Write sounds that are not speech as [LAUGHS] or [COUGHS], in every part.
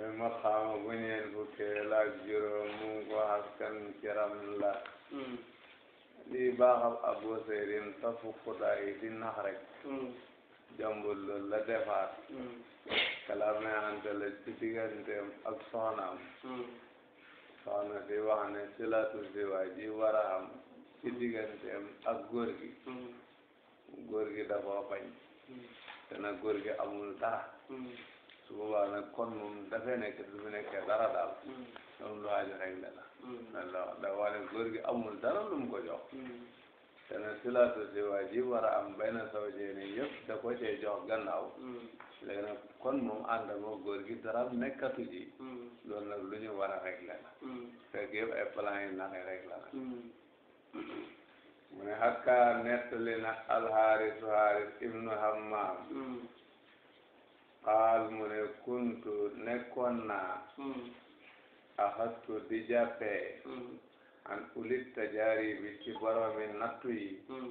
muy maqaama bu ñeen fukkeel ak mu ngi ko askan ci Ramla hmm. lii baaxab Abu Seydin tafu xudaa yi di nax rek hmm. jàmbul loolu la defaat hmm. kalaam ne ante la ci digganteem ak soxnaam soxna di wax ne silatu siwaa ji war a am ci digganteem ak góor gi góor gi dafa bañ te nag góor gi amul dara su boobaa kon moom dafay nekk du fi nekkee dara daal moom mm. lu aju rek la mm. la la da wane góor gi amul dara lu mu ko jox mm. te ne silaatu si waa ji war a am benn saw ko cee jox gannaaw léegi kon moom ànd ak góor gi dara nekkatu ji loolu nag lu ñu war a rek la la fekk yëpp ay plan yi naxe rek la la mu ne qaal mu ne kuntu nekkoon naa hmm. axattu di hmm. an ulit tajaari bi ci boromi nattu yi hmm.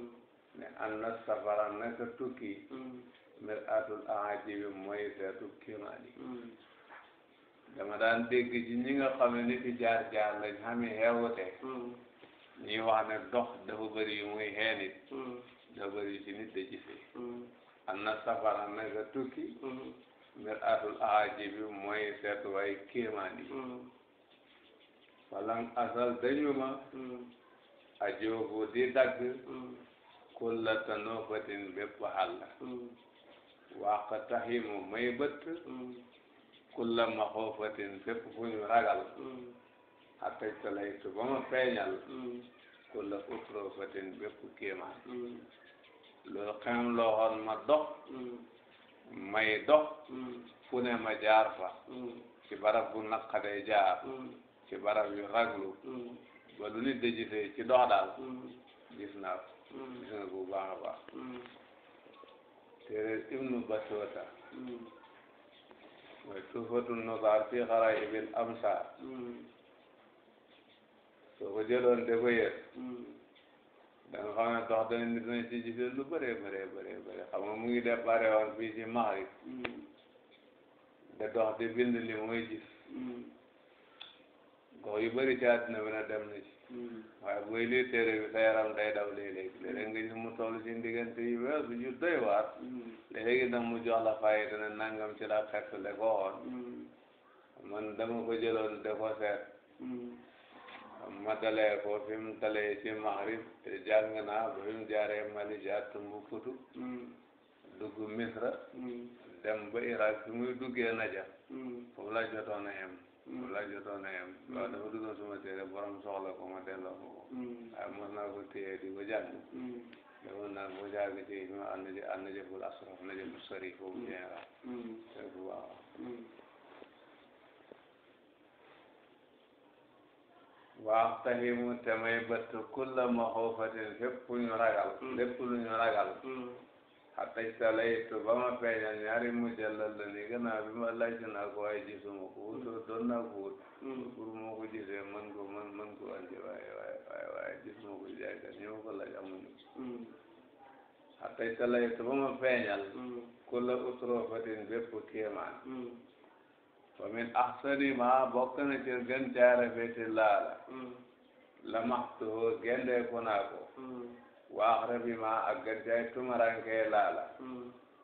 ne an na safara naka tukki mir atul ajibi mooy seetu kimaani dama daan dégg ci ñi nga xam ne nit yi jaar jaar lañ xami xewute ñuy dox dafa bëri yu muy xee nit dafa bëri ci nit da anna safara naka tukki mir'atul mm-hmm. aajibi mooy seet waay kéemaan yi walan mm-hmm. asal dañu ma mm-hmm. di dagg kulla tanofatin bépp xàll waaq taximu may bëtt kulla maxoofatin bépp fu ñu ragal xattaj talaytu ba ma feeñal kulla utrofatin bépp kéemaan loolu xamam loo ma dox may dox fu ma jaar fa ci barab bu naqadee jaar ci barab yu raglu ba lu nit dajitee ci dox daal gis naa ko gis nga ko bu baax a baax téere ibnu basuta mooy tuufatu nusaar fi xaraa'ibil amsaar soo ko jëloon de ko yër Hmm. da nga xam ne dox dana nit ñi ci gisee lu bëree bëree mu ngi déparé woon fii ci Maghrib da dox di bind li muy gis gox yu bëri ci àddina dem na ci day daw léeg-léeg léeg mu toll ci diggante yu weesu yu doy waar léegi nag mu jox la fayda ne nangam ci la xettale ko woon man dama madalee ko fi mu dalee ci Maghrib te jàng naa ba fi mu jaaree Mali jaar Tumbuktu dugg Misra dem ba Irak fi muy duggee Najaf foofu laa jotoon a yem foofu laa jotoon a yem loolu dafa duggoon suma téere borom soxla ko ma delloo ko ko waaye mos naa ko téye di ko jàng léegi nag boo jaaree ci ñu ànd ji ànd jëful asraf na jëful sori foofu jeexal waax tangi mu te may bëtt kulla maxoofatin fépp ñu ragal mm. lépp lu ñu ragal mm. xattaj talaytu ba ma feeñal ñaari mujallal la li gannaaw bi ma laaj naa ko waaye gisuma ko wutoo mm. doon naa ko wut pour moo ko gisee mën ko mën mën ko andi waaye waaye waaye waaye gisuma ko jaaykat ñoo ko laaj amuñu xattaj talaytu ba ma feeñal kulla usrofatin bépp kéemaan fa min ahsani ma bokk na ci gën caa laala la maxtuhu gendee ko naa ko waax rabi ma ak gën caa laala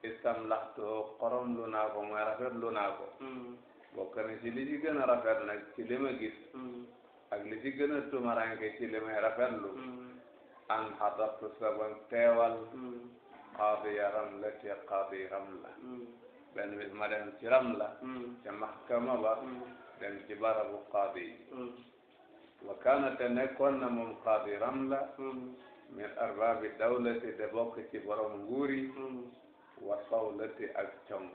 istam laxtuhu xorom lu naa ko mooy rafet lu naa ko bokk na li ci gën rafet nag ci li gis ak li ci gën ci li may rafetlu an xadabtu saban teewal qaadi yaram la ci qaadi yaram la benn ma dem ci Ramla mm. ca mahkama ba mm. dem ci barabu qaadi mm. wa kaana te nekkoon na moom qaadi Ramla min arbaabi dawlati de bokk ci borom nguuri wa sawlati ak cong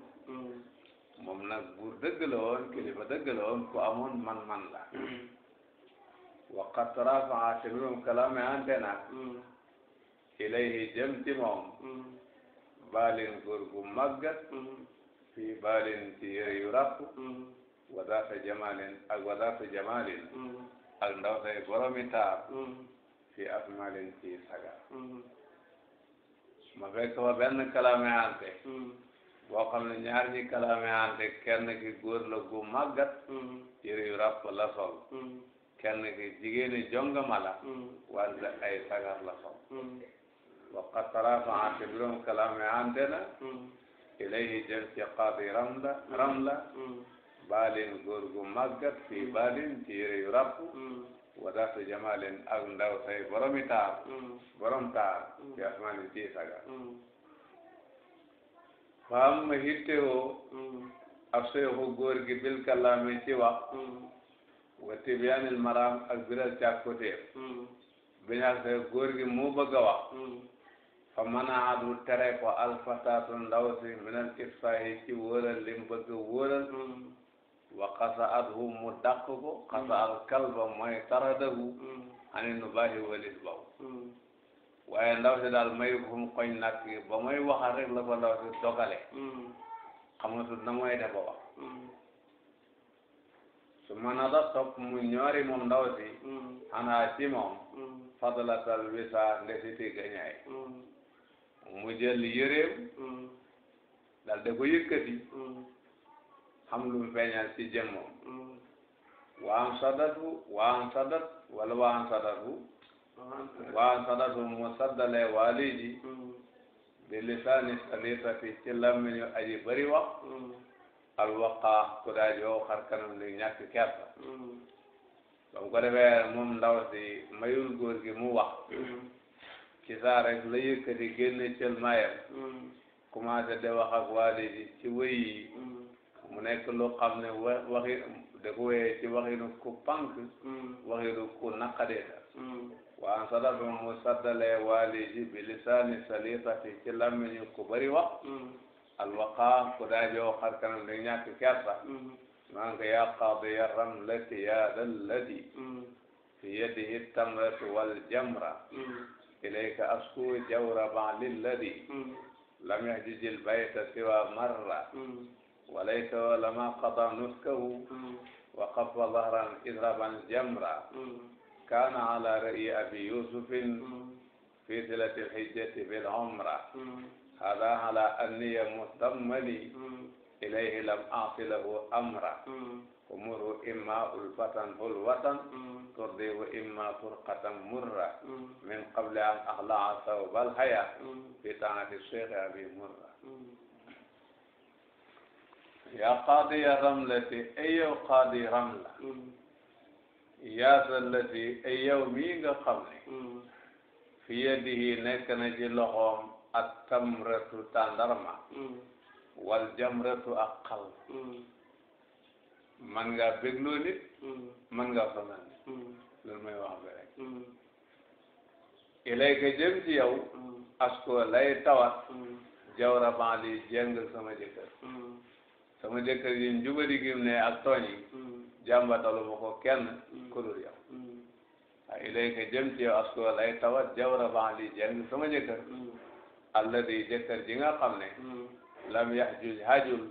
moom nag buur dëgg la woon kilifa dëgg la woon ku amoon man-man wa qad rafaa te moom kalaame ante na ci moom baalin góor gu fii baalin ci yére yu ràpp wadaata jamaalin ak wadaata jamaalin mm-hmm. ak ndaw tay boromi taar mm-hmm. fii asmaalin ci saga mm-hmm. ma fekk fa benn kalaame ante boo xam ne ñaar ñi kalaame ante kenn ki góor la gu màggat yére yu ràpp la sol ki jigéeni jongama la wante ay sagar la waqat tarafa ante biroom kalaame ante ilayhi jëm ci qaadi ramla ramla baalin góor gu màggat fii baalin ci yére yu ràpp wadaatu jamaalin ak ndaw say boromi taar borom taar ci asmaani ci saga faam ma hittewoo ab seexu góor gi bil kalaame ci wax wa tibyaanil maraam ak biral càkkuteef biñaal say góor gi mu bëgg a wax fa manaa du tere ko alfatatu ndaw si minal ifsahi ci wóoral lim bëgg wóoral wa xasa athu mu ko xasa al kalba mooy taradahu ani nu baaxi walis baw waaye ndaw si daal may xum koñ nag ba muy waxal rek la ko dogale xamatul na mooy def ba wax su mën a la topp mu ñoori moom ndaw si xanaa ci moom wisa nde si ti gañaay mu jël yëreem mm. dal da ko yëkkati mm. xam lu mu feeñal ci jëmmam mm. waan sadatu waan sadat wala waan sadatu waan sadatu mu saddale waaliji bi lisaani salitati ci lammiñu aji bari wax alwaqaa ku daa joo xar kanam li ñàkk kersa ba mu ko defee moom ndaw si mayul góor gi mu wax ci saa rek la yëkkati génne cël mayam mm. commencé de wax ak waali ci wëy mm. mu nekk lu xam ne waxi da ko wéyee ci waxinu ku pànk mm. waxinu ku naqadee la waan sadaba mu saddalee waali ji bi lisaani saliqati ci làmmiñu ku bari wax alwaqaa ku daajoo xar kanam da ñàkk kersa maa ngi yaa qaadi ya ramlati ya dallati fi yadihi tamratu wal jamra ilayka asku jawraban lilladi lam yahjijil bayta siwa marra walayka walama qada nuskahu wa qabba dahran idraban jamra kana ala ra'yi abi yusufin fi silati lhijjati bil umra hada ala anniya mustammali ilayhi lam aasi lahu amra umuru imma ulfatan hulwatan hmm. turdihu imma furqatan murra hmm. min qabli an axlaa sawbal haya hmm. fi taati cheikh abi murra ya qaadiya ramlati ay yow qaadi ramla yaa sallati ay yow mii nga xam ne fi yadihi nekk na ci loxoom at tamratu tàndarma wal jamratu ak xal man nga bégloo nit hmm. man nga fanaan hmm. loolu mooy wax bi hmm. ilayka jëm ci yow asko lay tawat jawra ban li jeng sama jëkkër sama jëkkër yi njubadi gim ne ak tooñ yi jàmbatalu ma ko kenn ku dul yow ilayka jëm ci yow asko lay tawat jawra ban li jeng sama jëkkër alladi jëkkër ji nga xam ne lam yahjuj hajul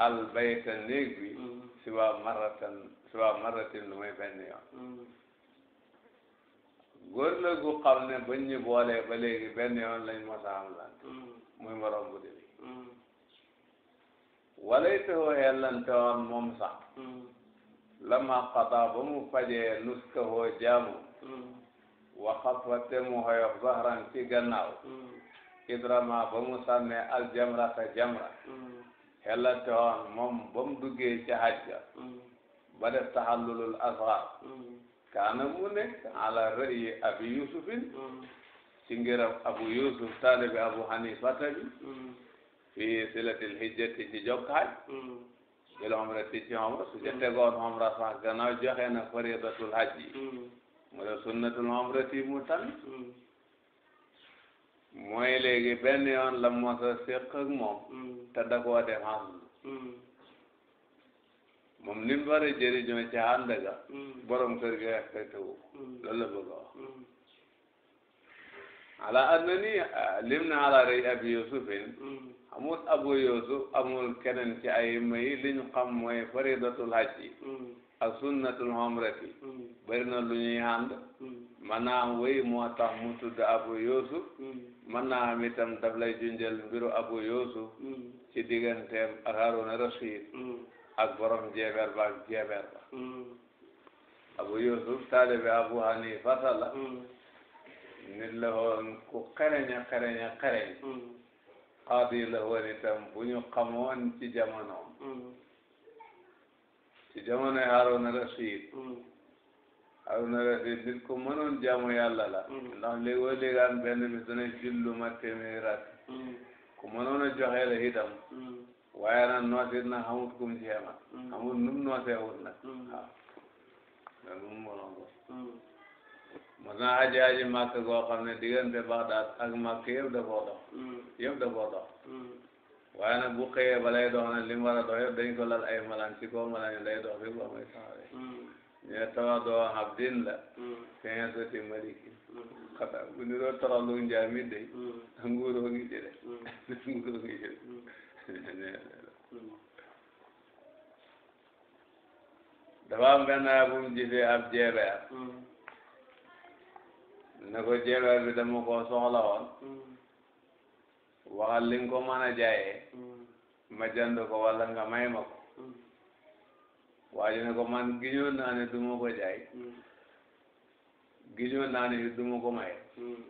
al bayta néeg bi siwa maratan siwa maratin lu may benn yoon góor la gu xam ne bañ ñu boolee ba léegi benn yoon lañ mos a am lan muy morom bu dili walay taxoo xellante woon moom sax lama xataa ba mu fajee nuskahoo jaamu waxafa te mu xoyof zahran ci gannaaw idrama ba mu sànnee aljamrata jamra xelate woon moom ba mu duggee ca hajj ga ba def taxallulul asxar kaana mu nekk ala rëyi abi yusufin ci ngirab abu yusuf taalibi abu hanifata bi fii silatil hijjati ci jokk haj bil umrati ci umra su ca tegoon umra mu def sunnatul umrati mu mooy léegi benn yoon la mos a séq ak moom mm. te da koo def ànd mm. moom ni mu war a ci ga mm. borom kër gi respecté wu loolu la bëgg a ah, abi yusufin amul abu yusuf amul keneen ci ay may li ñu xam mooy faridatul hajji ak sunnatul umrati bëri na lu ñuy ànd maanaam wéy moo tax mu tudd abu yusuf man naa am itam daf lay junjal mbiru abu yusuf mm. ci digganteem ak haruna rashid mm. ak borom jeeber ba ak ba mm. abu yusuf taalibe abu hanifata la nit la woon ku xereñ a xereñ a xereñ qaadi la woon itam bu ñu ci jamonoom ci jamonoy haruna rashid Haruna Rashid nit ku mënoon jaamu yàlla la. Mm. ndax léegoo léegaan benn bi dana julli lu ma téeméeri rakk. Mm. ku mënoon a joxe la itam. Mm. waaye nag nootit na xamut kum jeema. xamut num nooteewut nag. waaw loolu moom mënoon ko. mos naa aji aji màkk goo xam ne diggante Baxdaad ak màkk yëpp dafoo dox. yëpp dafoo dox. waaye nag bu xëyee ba lay dox nag li mu war a dox yëpp dañ ko lal ay malaan ci kaw malaan yi lay dox bi ba muy saxaaree. ñee tawadoo abdin la feneen hmm. soti maliki hmm. xata bu ni doo toroxlu njaami day hmm. nguuroo ngi ci [LAUGHS] de dafa am benn bu mu jëfee ab jeebeer ne ko jeebeer bi dama ko ko mën a jaayee jënd ko wala nga may ma waa ji ne ko man giñoon naa ne du ma ko jaay hmm. giñoon naa ne du ko maye hmm.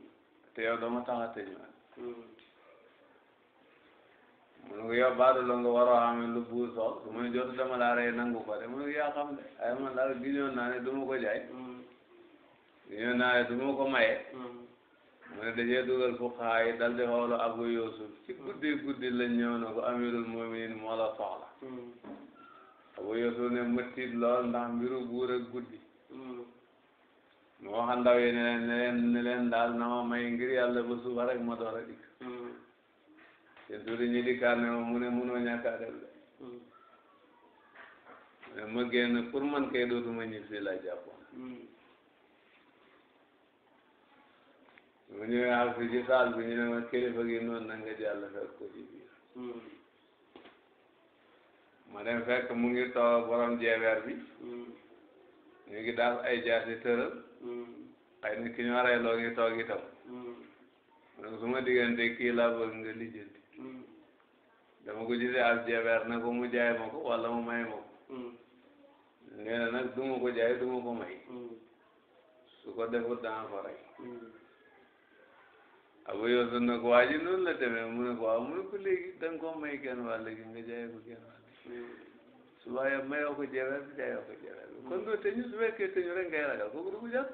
te yow dama tax a man hmm. mu ne ko yow baadu nga waroo xamee lu buur soog su ma jot dama laa rey ko de mu ne ko yaa xam de ay man daal giñoon naa ne du ma ko jaay giñoon naa ne du ma ko maye mu ne dajee dugal fu xaay dal di xoolu Abu Yusuf ci guddi guddi lañ ñëw na ko amirul muminin moo la soxla abo yosu ne mëttit lool ndax mbiru buur ak guddi hmm. mu wax ndaw yi ne leen ne ne leen na ma may ngir yàlla ba suba rek ma door a dikk hmm. te tuuti ñu ne mu ne munoo ñàkk a dem de mais hmm. ma génn pour man kay dootuma ñibbi la jàppoon mu ñëwee ak si ci saal bi ñu ne gi noonu na nga jàll fekk ko ci biir ma dem fekk mu ngi toog borom jeebeer bi mm. ñu ngi daal ay jaasi tëral mm. xëy na ki ñu waray loo ngi toog itam mm. donc su ma diggante kii laa nga lijjanti dama ko gisee al jeebeer na ko mu jaay ma ko wala mu may ma ko nee na nag duma ko jaay duma ko may su ko defut danga ko rey abu yoosu nag waa ji noonu la demee mu ne ko waaw mu ne ko ko may kenn wàll gi nga jaay ko kenn wàll su waaye mayoo ko jëral jaayoo ko jëral kon doo tëñu su fekkee tëñu rek ngay ragal kooku du ko jàpp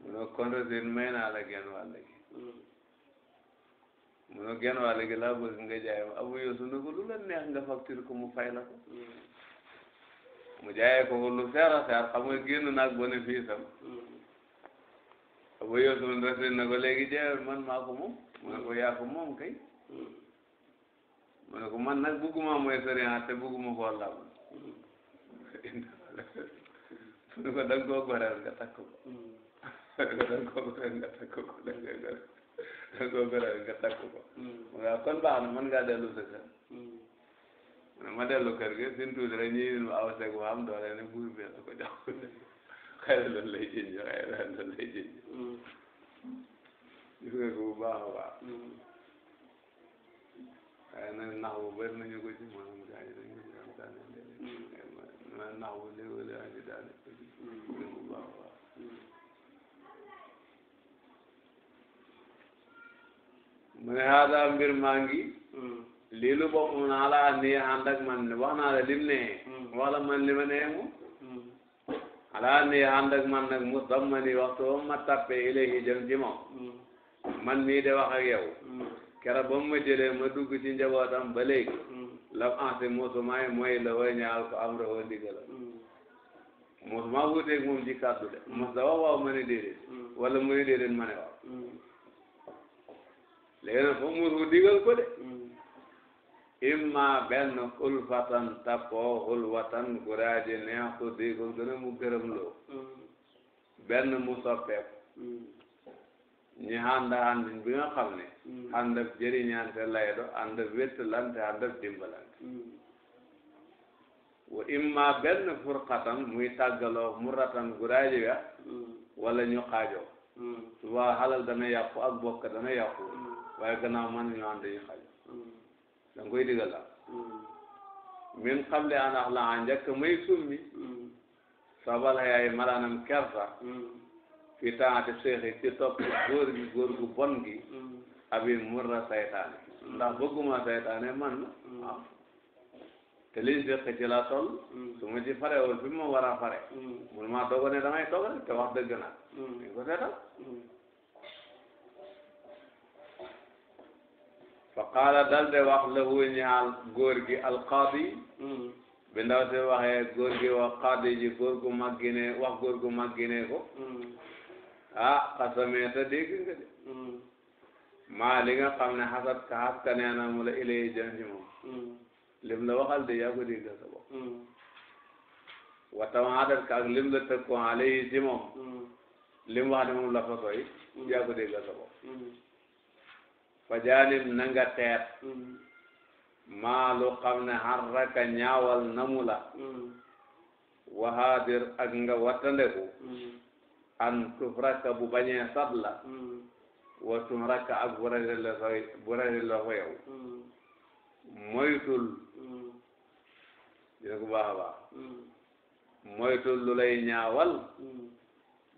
mu ne kondosin may naa la genn wàll mu ne genn wàll gi laa bëgg nga ma abu yusuf ne ko lu la neex nga facture ko mu fay la ko mu jaayee ko lu seer a seer xam nga génn naag bénéfice am ne ko léegi jaayoo man maa ko moom ko yaa ko moom kay mu ne ko man nag bugguma mooy sariya te bugguma koo laal mu ne ko da nga koo goreel nga takk ko da nga koo goreel nga takk ko da nga koo goreel nga takk ko waaw kon baax na mën ngaa dellu sa kër mu ne ma dellu kër gi sin tuuti rek ñuy ma aw seg bu am doole ne buur bi la ko jox xëy na loolu lay jënj xëy na loolu lay jënj mm. gis nga ko bu baax a baax mm. waaye nag nax bu bëri nañu ko ci maanaam gars yi dañu ko ci daane léeg-léeg nax bu léeg-léeg a ngi daane ko ci bu mbir maa ngi hmm. lii lu bokk mu naa laa nii ànd ak man wax naa la lim ne hmm. wax la man li ma nee mu hmm. alaa nii ànd man nag mu sammani ma tappe ilayhi jëm ci moom man de wax keroog ba mu ma jëlee ma dugg ci njabootam ba léegi mm. la ansi musumaay mooy la way ñaal ko am rewoo ndigalam mm. musuma wuuteeg moom ci kàddu de mm. mos da wax waaw ma ne déedéet wala mu ne déedéet ma ne waaw léegi nag foofu musu digal ko de imma benn ulfatan takkoo xulwatan guraaji neex ko di ko gën a mu gërëm loo benn mu soppeeku ñi ànd àndin bi nga xam ne mm. ànd ak jëriñante lay do ànd ak wéttalante ànd ak dimbalante mm. wa imma benn furqatan muy tàggaloo muratan guraaji ga mm. wala ñu xaajoo subaa xalal dana yàqu ak bokk dana yàqu waaye gannaaw mën ñu ànd ñu xaajoo da nga la min xamle an ax la a may summi sabal yaay malaanam kersa fii taati seexi ci topp góor gi góor gu bon gi mm. abi murra saytaane mm. ndax bëgguma saytaane man mm. waaw te liñ ci la toll su ma ci fare woon ma war a fare mun maa dogo ne damay toog rek te wax dëgg nag dañ ko seetal fa qaala dal de wax lahu ñaal góor gi alqaadi bi ndaw te waxee góor gi wax qaadi ji góor gu màggi ne wax góor gu màggi ne ko ah xasamee ta nga de hmm. maa li nga xam ne xasat ka xaska nee na mu la ilay jëm ci moom hmm. lim la waxal de yaa ko déggal sa bopp hmm. waxtaan xasat ka lim la tëg alay ci moom lim wax ne moom la fa yaa ko déggal sa fajaanim na teet maa lu xam ne xarraka ñaawal namu la waxaadir ak nga wattandeku an tufraka bu bañee sat la wa tumraka ak bu rari la soy bu rari la soyow moytul dina ko baax a baax moytul lu lay ñaawal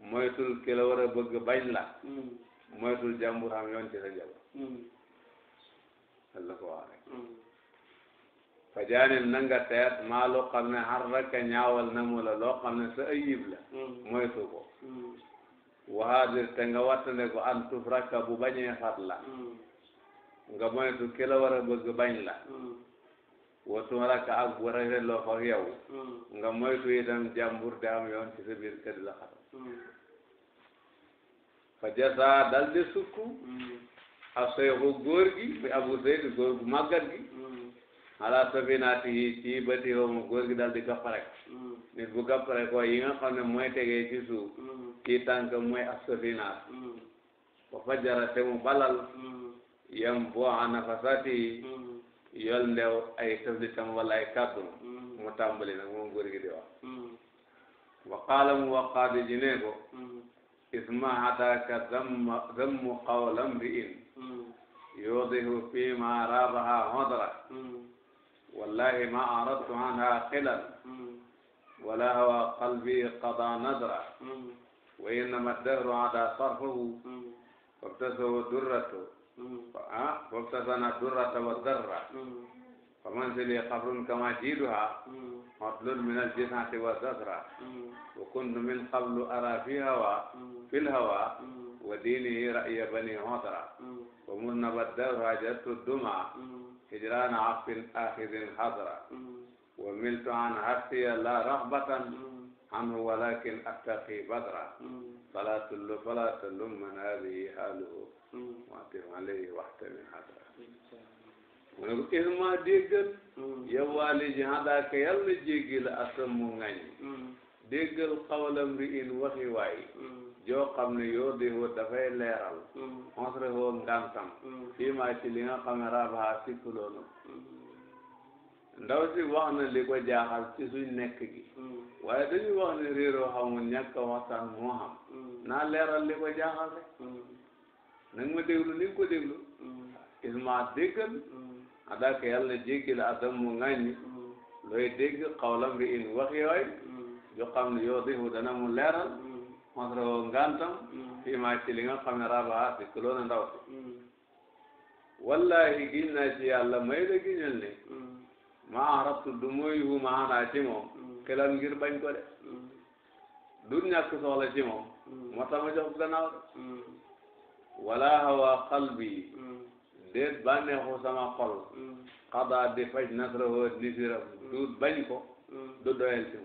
moytul ki la war a bëgg bañ la moytul jàmbur xam yoon ci sa njaboot la ko fajaanin na nga teet maa loo xam ne xar rek ñaawal na mu la loo xam ne sa ayib la moytu ko waxaadir te nga wattane an tuf rakka bu bañee fat la nga moytu ki la war a bëgg bañ la watuma rakka ak bu rafet loo fa yow nga moytu itam jàmbur di am yoon ci sa biir kër la xat fajasa dal di sukku a soyxu gi abu zayd góor gu màggat gi ala sobinaati yi ci bëti hoomu góor gi dal di gapp rek mm. bu gapp rek waaye yi nga xam ne mooy tegee ci suuf mm. ci tànk mooy ak sobinaat ba mu balal mm. yam boo ana yol ndew ay tëflitam wala ay kàddu mu tàmbali nag moom góor gi wa qaala mu waqaadi ji ne ko isma hataka dammu qawlam bi in yudihu fima rabaha hodra wallahi ma aradtu anha xilan hmm. wala hawa qalbi qada nadra hmm. wa innama dahru ada sarfahu fabtasahu hmm. durratu ah fabtasana durrata wa darra fa manzili qabrun kama jiiduha matlun min aljinaati wa zadra wa kuntu min qablu ara fi hawa fi lhawa wa diinihi ra'ya bani hodra wa munnaba dahru hajatu duma hijraan afin axidin hadra mm. wa miltu an hartiya la raxbatan mm. anhu walakin attaqi badra mm. fala tullu fala tullum man hadihi haaluhu waatim alayhi waxta min hadra mu ne ko ilma déggal yow waali ji hadaaka yàlla jéggi la asam mu ngañ déggal xawalam ri in waxi waay joo xam ne yoo di dafay leeral monsre mm-hmm. hoo ngantam mm-hmm. fii maa ci li nga xam ne rabaha si mm-hmm. ndaw si wax na li ko ci suñ nekk gi waaye dañuy wax ne réeroo xamul ñàkk waxtaan moo xam naa leeral li ko jaaxal rek nag ma déglu ni nga ko déglu isma déggal adaka yàlla jéggil adam mu ŋàññi looy dégg xawlam bi in wax yooy joo xam ne yoo di hu dana masroo ngantam fii maa ci li nga xam ne rabaha si kuloo mm. wallahi giñ ci yàlla may la giñal ne maa arabtu du mooy wu maanaa ci ngir bañ ko de du ñàkk soxla ci moom moo tax ma jox gannaaw de wala hawa qalbi déet bànneexu sama xol xadaa di faj nasrahoo nisiram duut bañ ko du doyal ci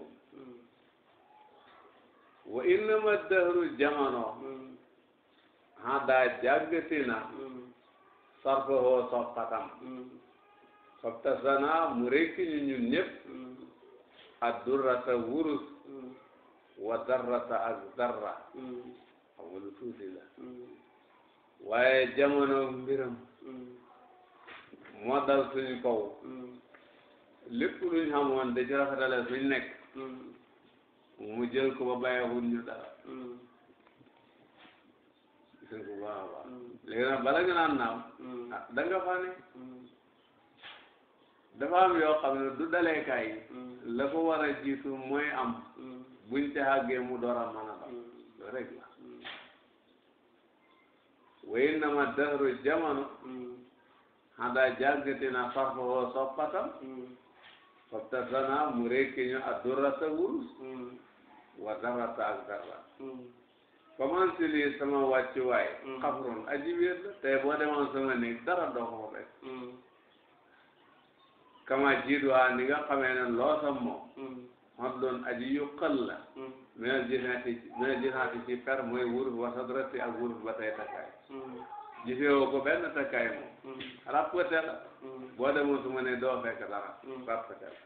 wa innama dahru jamono ha daa jàggatina sarfahoo soppatam sopta mu rekki ñu ñun ñëpp addurrata wurus wa darrata ak darra xam nga lu tuuti la waaye jamono mbiram moo dal suñu kaw lépp luñ xamoon da ci rafetale suñ mu jël ko ba bàyyiwul ñu dara gis nga bu baax a baax léegi nag bala nga naan naam mm. ah da nga fa ne mm. dafa am yoo xam ne du daleekaay mm. la ko war a jiitu mooy am buñ ca àggee mu door a mën a dal loolu rek la na ma dëhru jamono xandaa jàggati na wa darata ak dara commencé lii sama wàccuwaay hmm. xabroon aji wér la tey boo demoon sama dara doxoo rek hmm. kama jiiduwaa ni nga xamee loosa moom xon hmm. doon aji yu xël la minal jinaati minal jinaati ci per mooy wuruf wa sadrati ak wuruf ba tey takkaay jifeewoo ko benn takkaay moom rappate la boo demoon sama néeg doo fekk dara rappate la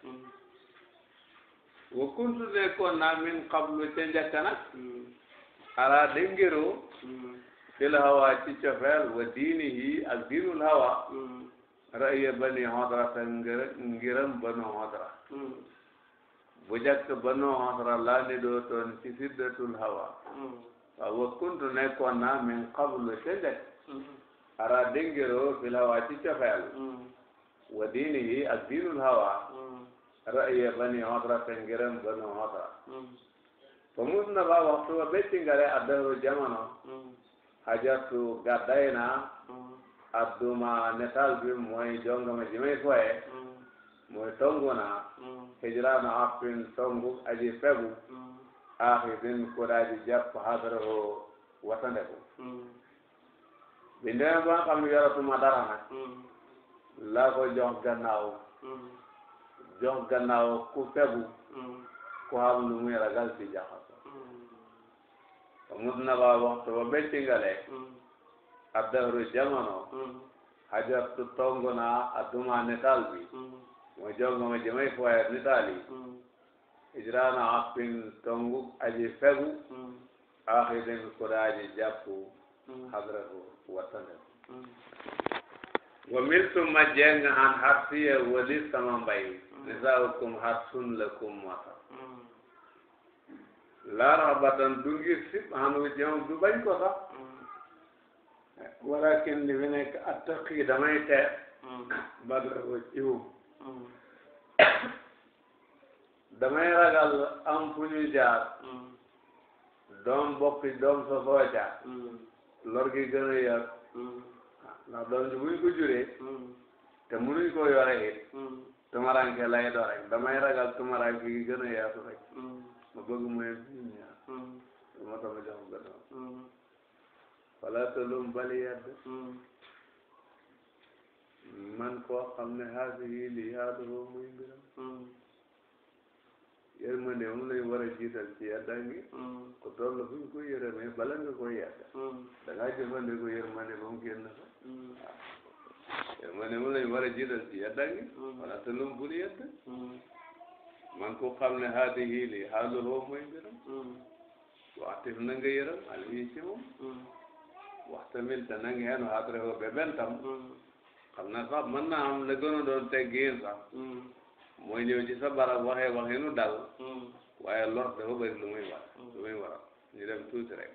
wa kuntu nekkoon naa min qablu ca njëkk nag ala fil hawa ci cofeel wa diinihi ak diinul hawa ra'ye bani hodra ta ngiram banu hodra bu banu hodra laa ni ci siddatul hawa wa kuntu nekkoon min qablu ca njëkk ala fil hawa ci cofeel wa diinihi ak diinul hawa ra'ye bani Hudra pengiram bani Hudra fa mus na ba waxtu wa becci ngare addaru jamono hajatu gàdday naa adduma netal bi mooy jongama ji may foye mooy tongu naa hijra na appin tongu aji fegu axidin ko daaji jàpp hadraho watande ko bi ndeme ba nga xam ne yoratuma dara nag laa ko jox jox gannaaw ku febu mm. ku xam lu muy ragal ci jaxaso te mm. mut na waxtu ba beccingalee mm. addahru jamono hajartu tongu naa adduma nitaal bi mooy jongo ma jëmay fooyat nitaal yi ijraana appin tongu aji febu aaxirin ku daa aji jàppu hadratu wattane wa miltu ma jeng an harsiya walis sama nisaa'ukum harsun lakum matar hmm. laa raxbatan du ngir sib hanu jëm du bañ ko sax hmm. walakin li fi nekk attaqi damay teet hmm. badlawo jiwu [COUGHS] damay ragal am fu ñu jaar doom bokki doom sofoo jaar lor gi gën a yar ndax doom ji buñ ko juree te mënuñ ko yore it tumaranke lay doon rek damay ragal tumaranke gi gën a yaatu rek mm. ma bëgg mu yem ci ñaar lu ma tama jox gën a mm. wala te lum bali yedd mm. man koo xam ne xaasi yi lii xaatu ko muy mbiram yërmande moom lañ war a jiital ci yedda ngi ku toll fu ñu ko yërëmee bala nga koy yedda da ngaa jëfandikoo yërmande ba mu génn fa ma ne moom war a jiital ci yedda gi mm-hmm. wala te lum bul yedda man ku xam ne haadihi li xaaluhoo mooy mbiram mm-hmm. waxtif na nga yëram alihi ci moom mm-hmm. waxtamil te na nga xeenu xaatreko bebentam xam na sax mën naa am la gën a doon teggiin sax mooy ñëw ci sa barab waxee waxinu dal waaye lor dafa bëri lu muy war lu muy waral ñu dem tuuti rek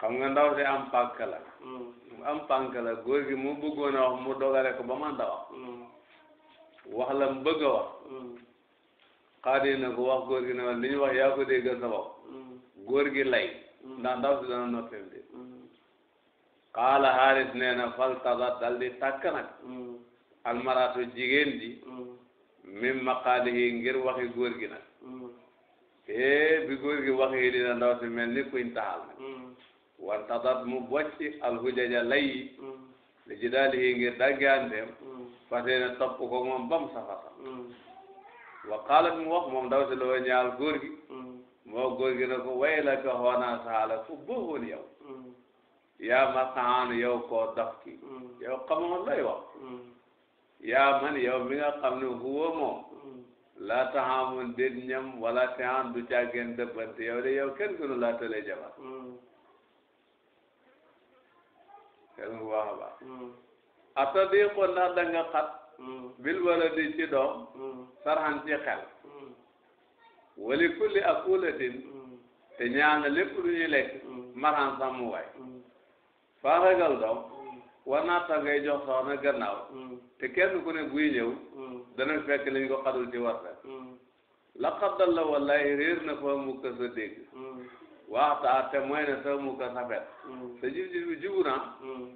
xam nga ndaw si am pànk la mm. am pànk la góor gi mu bëggoon a wax mu dogale ko ba man da wax mm. wax la mu bëgg a wax mm. xaadi na ko wax góor gi ne ma li ñu wax yaa ko déggal sa bopp góor gi lay ndax ndaw si dana noppem de xaala xaalis nee na fal tasa dal di tàkk nag almaratu jigéen ji mim maqaalihi ngir wax góor gi nag eh bi góor gi waxee dina ndaw si mel ni kuñ taxal nag wantadat mu bocci alhujaja layi mm. li jidaalihi ngir dagganteem mm. fase ne topp ko bam safasa mm. wa qalat mu wax moom daw si loo ñaal góor gi moo góor gi ne ko waylaka hoonaa saala ko boowoon yow yaa mataan yow koo dof ki yow xamoo lay wax yaa man yow mi nga xam ne huwa moom laa taxaamun déet ñam wala tean du càggeen dëbbante yow de yow kenn gënu laa tëlee jabar xel mu baax a baax hmm. atadiqu ndax da nga xat hmm. bil waladi ci doom hmm. sarxan ci xel wali kulli akulatin te ñaana lépp lu ñuy lekk marxan sax faa ragal doom war naa tax ngay jox soxna gannaaw te kenn ku ne buy ñëw dana fekk liñ ko xadul ci warta la xaddal la wallahi réer na fa mu kës a waxta te mooy ne sax mu ko safet mm. te jib jib bi jubu na mm.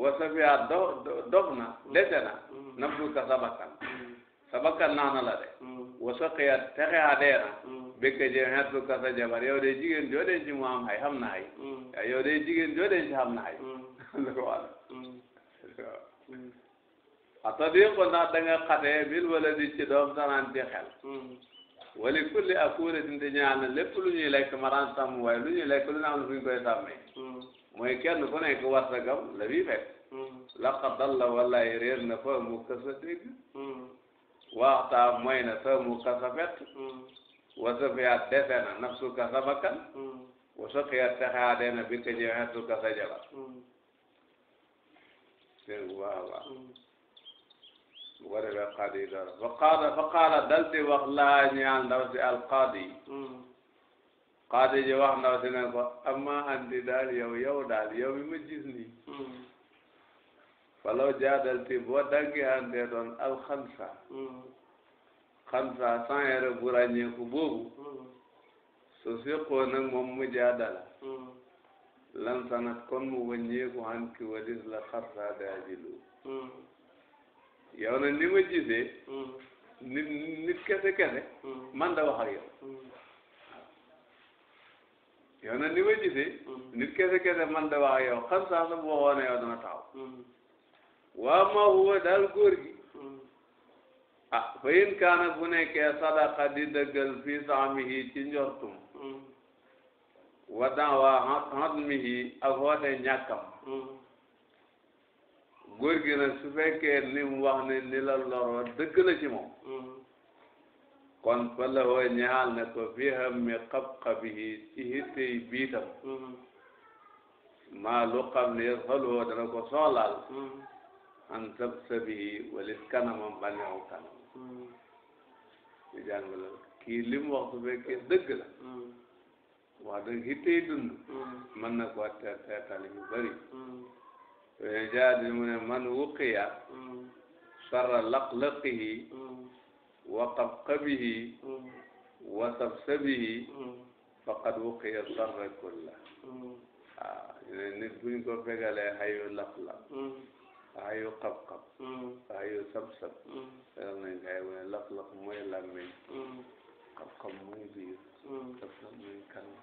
wasa bi a do dog na mm. dese na nafsu ka sabakan sabakan naana la de wasa xiya texe a dee na békk je xeetu ka sa jabar yow de jigéen joo denc mu am hay xam na hay yow de jigéen joo denc xam na hay la ko wala a tadiqu na da nga xatee bil wala di ci doom sanaan ci xel wali kulli akuuratin di ñaan lépp lu ñuy lekk maraan sàmm waaye lu ñuy lekk lu na am fu mm. mooy kenn ku nekk warsagam la bii fekk mm. laqa dalla wallahi réer na fa mu kasa dégg mm. waxtaa mooy na fa kasa fet wasafiya dese na nafsu kasa bakkan wasaqiya texaa deena bi ka jeexetu kasa jala waaw waaw su ko defee xaadi dara fa qaala fa qaala dal di wax laa ñaan ndaw si alqaadi xaadi mm. ji wax ndaw si ne ko amma andi daal yow yow daal yow mi ma gis nii mm. falaw jaadal ti boo daggi andee doon alxamsa xamsa mm. sans yére bu ràññeeku boobu su siqoo nag moom mu jaadala lan sanat kon mu wàññeeku han ki wadis la xamsa daa ji lu yow nag ni ma gisee. Hmm. nit nit kese kese. Hmm. man da wax ak yow. Hmm. yow nag ni ma nit kese kese man da wax ak yow xam sax bu waxoon yow dana taw. waa ma huwa daal góor ah fa in kaana bu nekkee sadaka di dëggal fii saamihi ci njortum. wa daan waa xant xant mihi ak woote ñàkkam. góor gi nag su ni mu wax ne ni la loro dëgg la ci moom mm-hmm. kon fa la woo na ko fii xam mi xab-xabihi ci hittey biitam mm-hmm. maa lu xam ne xaluwoo dana ko soxlaal mm-hmm. an sab sabihi walit kanamam baneewu kanam ñu jàng la kii li mu wax su fekkee dëgg la wax dëgg hittey dund mën na ko teetal yu bari rijaal bi mu ne man wuqiya sarra laqlaqihi wa qabqabihi wa sabsabihi faqad wuqiya sarra kulla waaw ñu ne nit buñ ko fegalee xayu laqlaq xayu qabqab xayu sabsab fegal nañ ko xayu ne laqlaq mooy làmmiñ qabqab mooy biir sabsab mooy kanam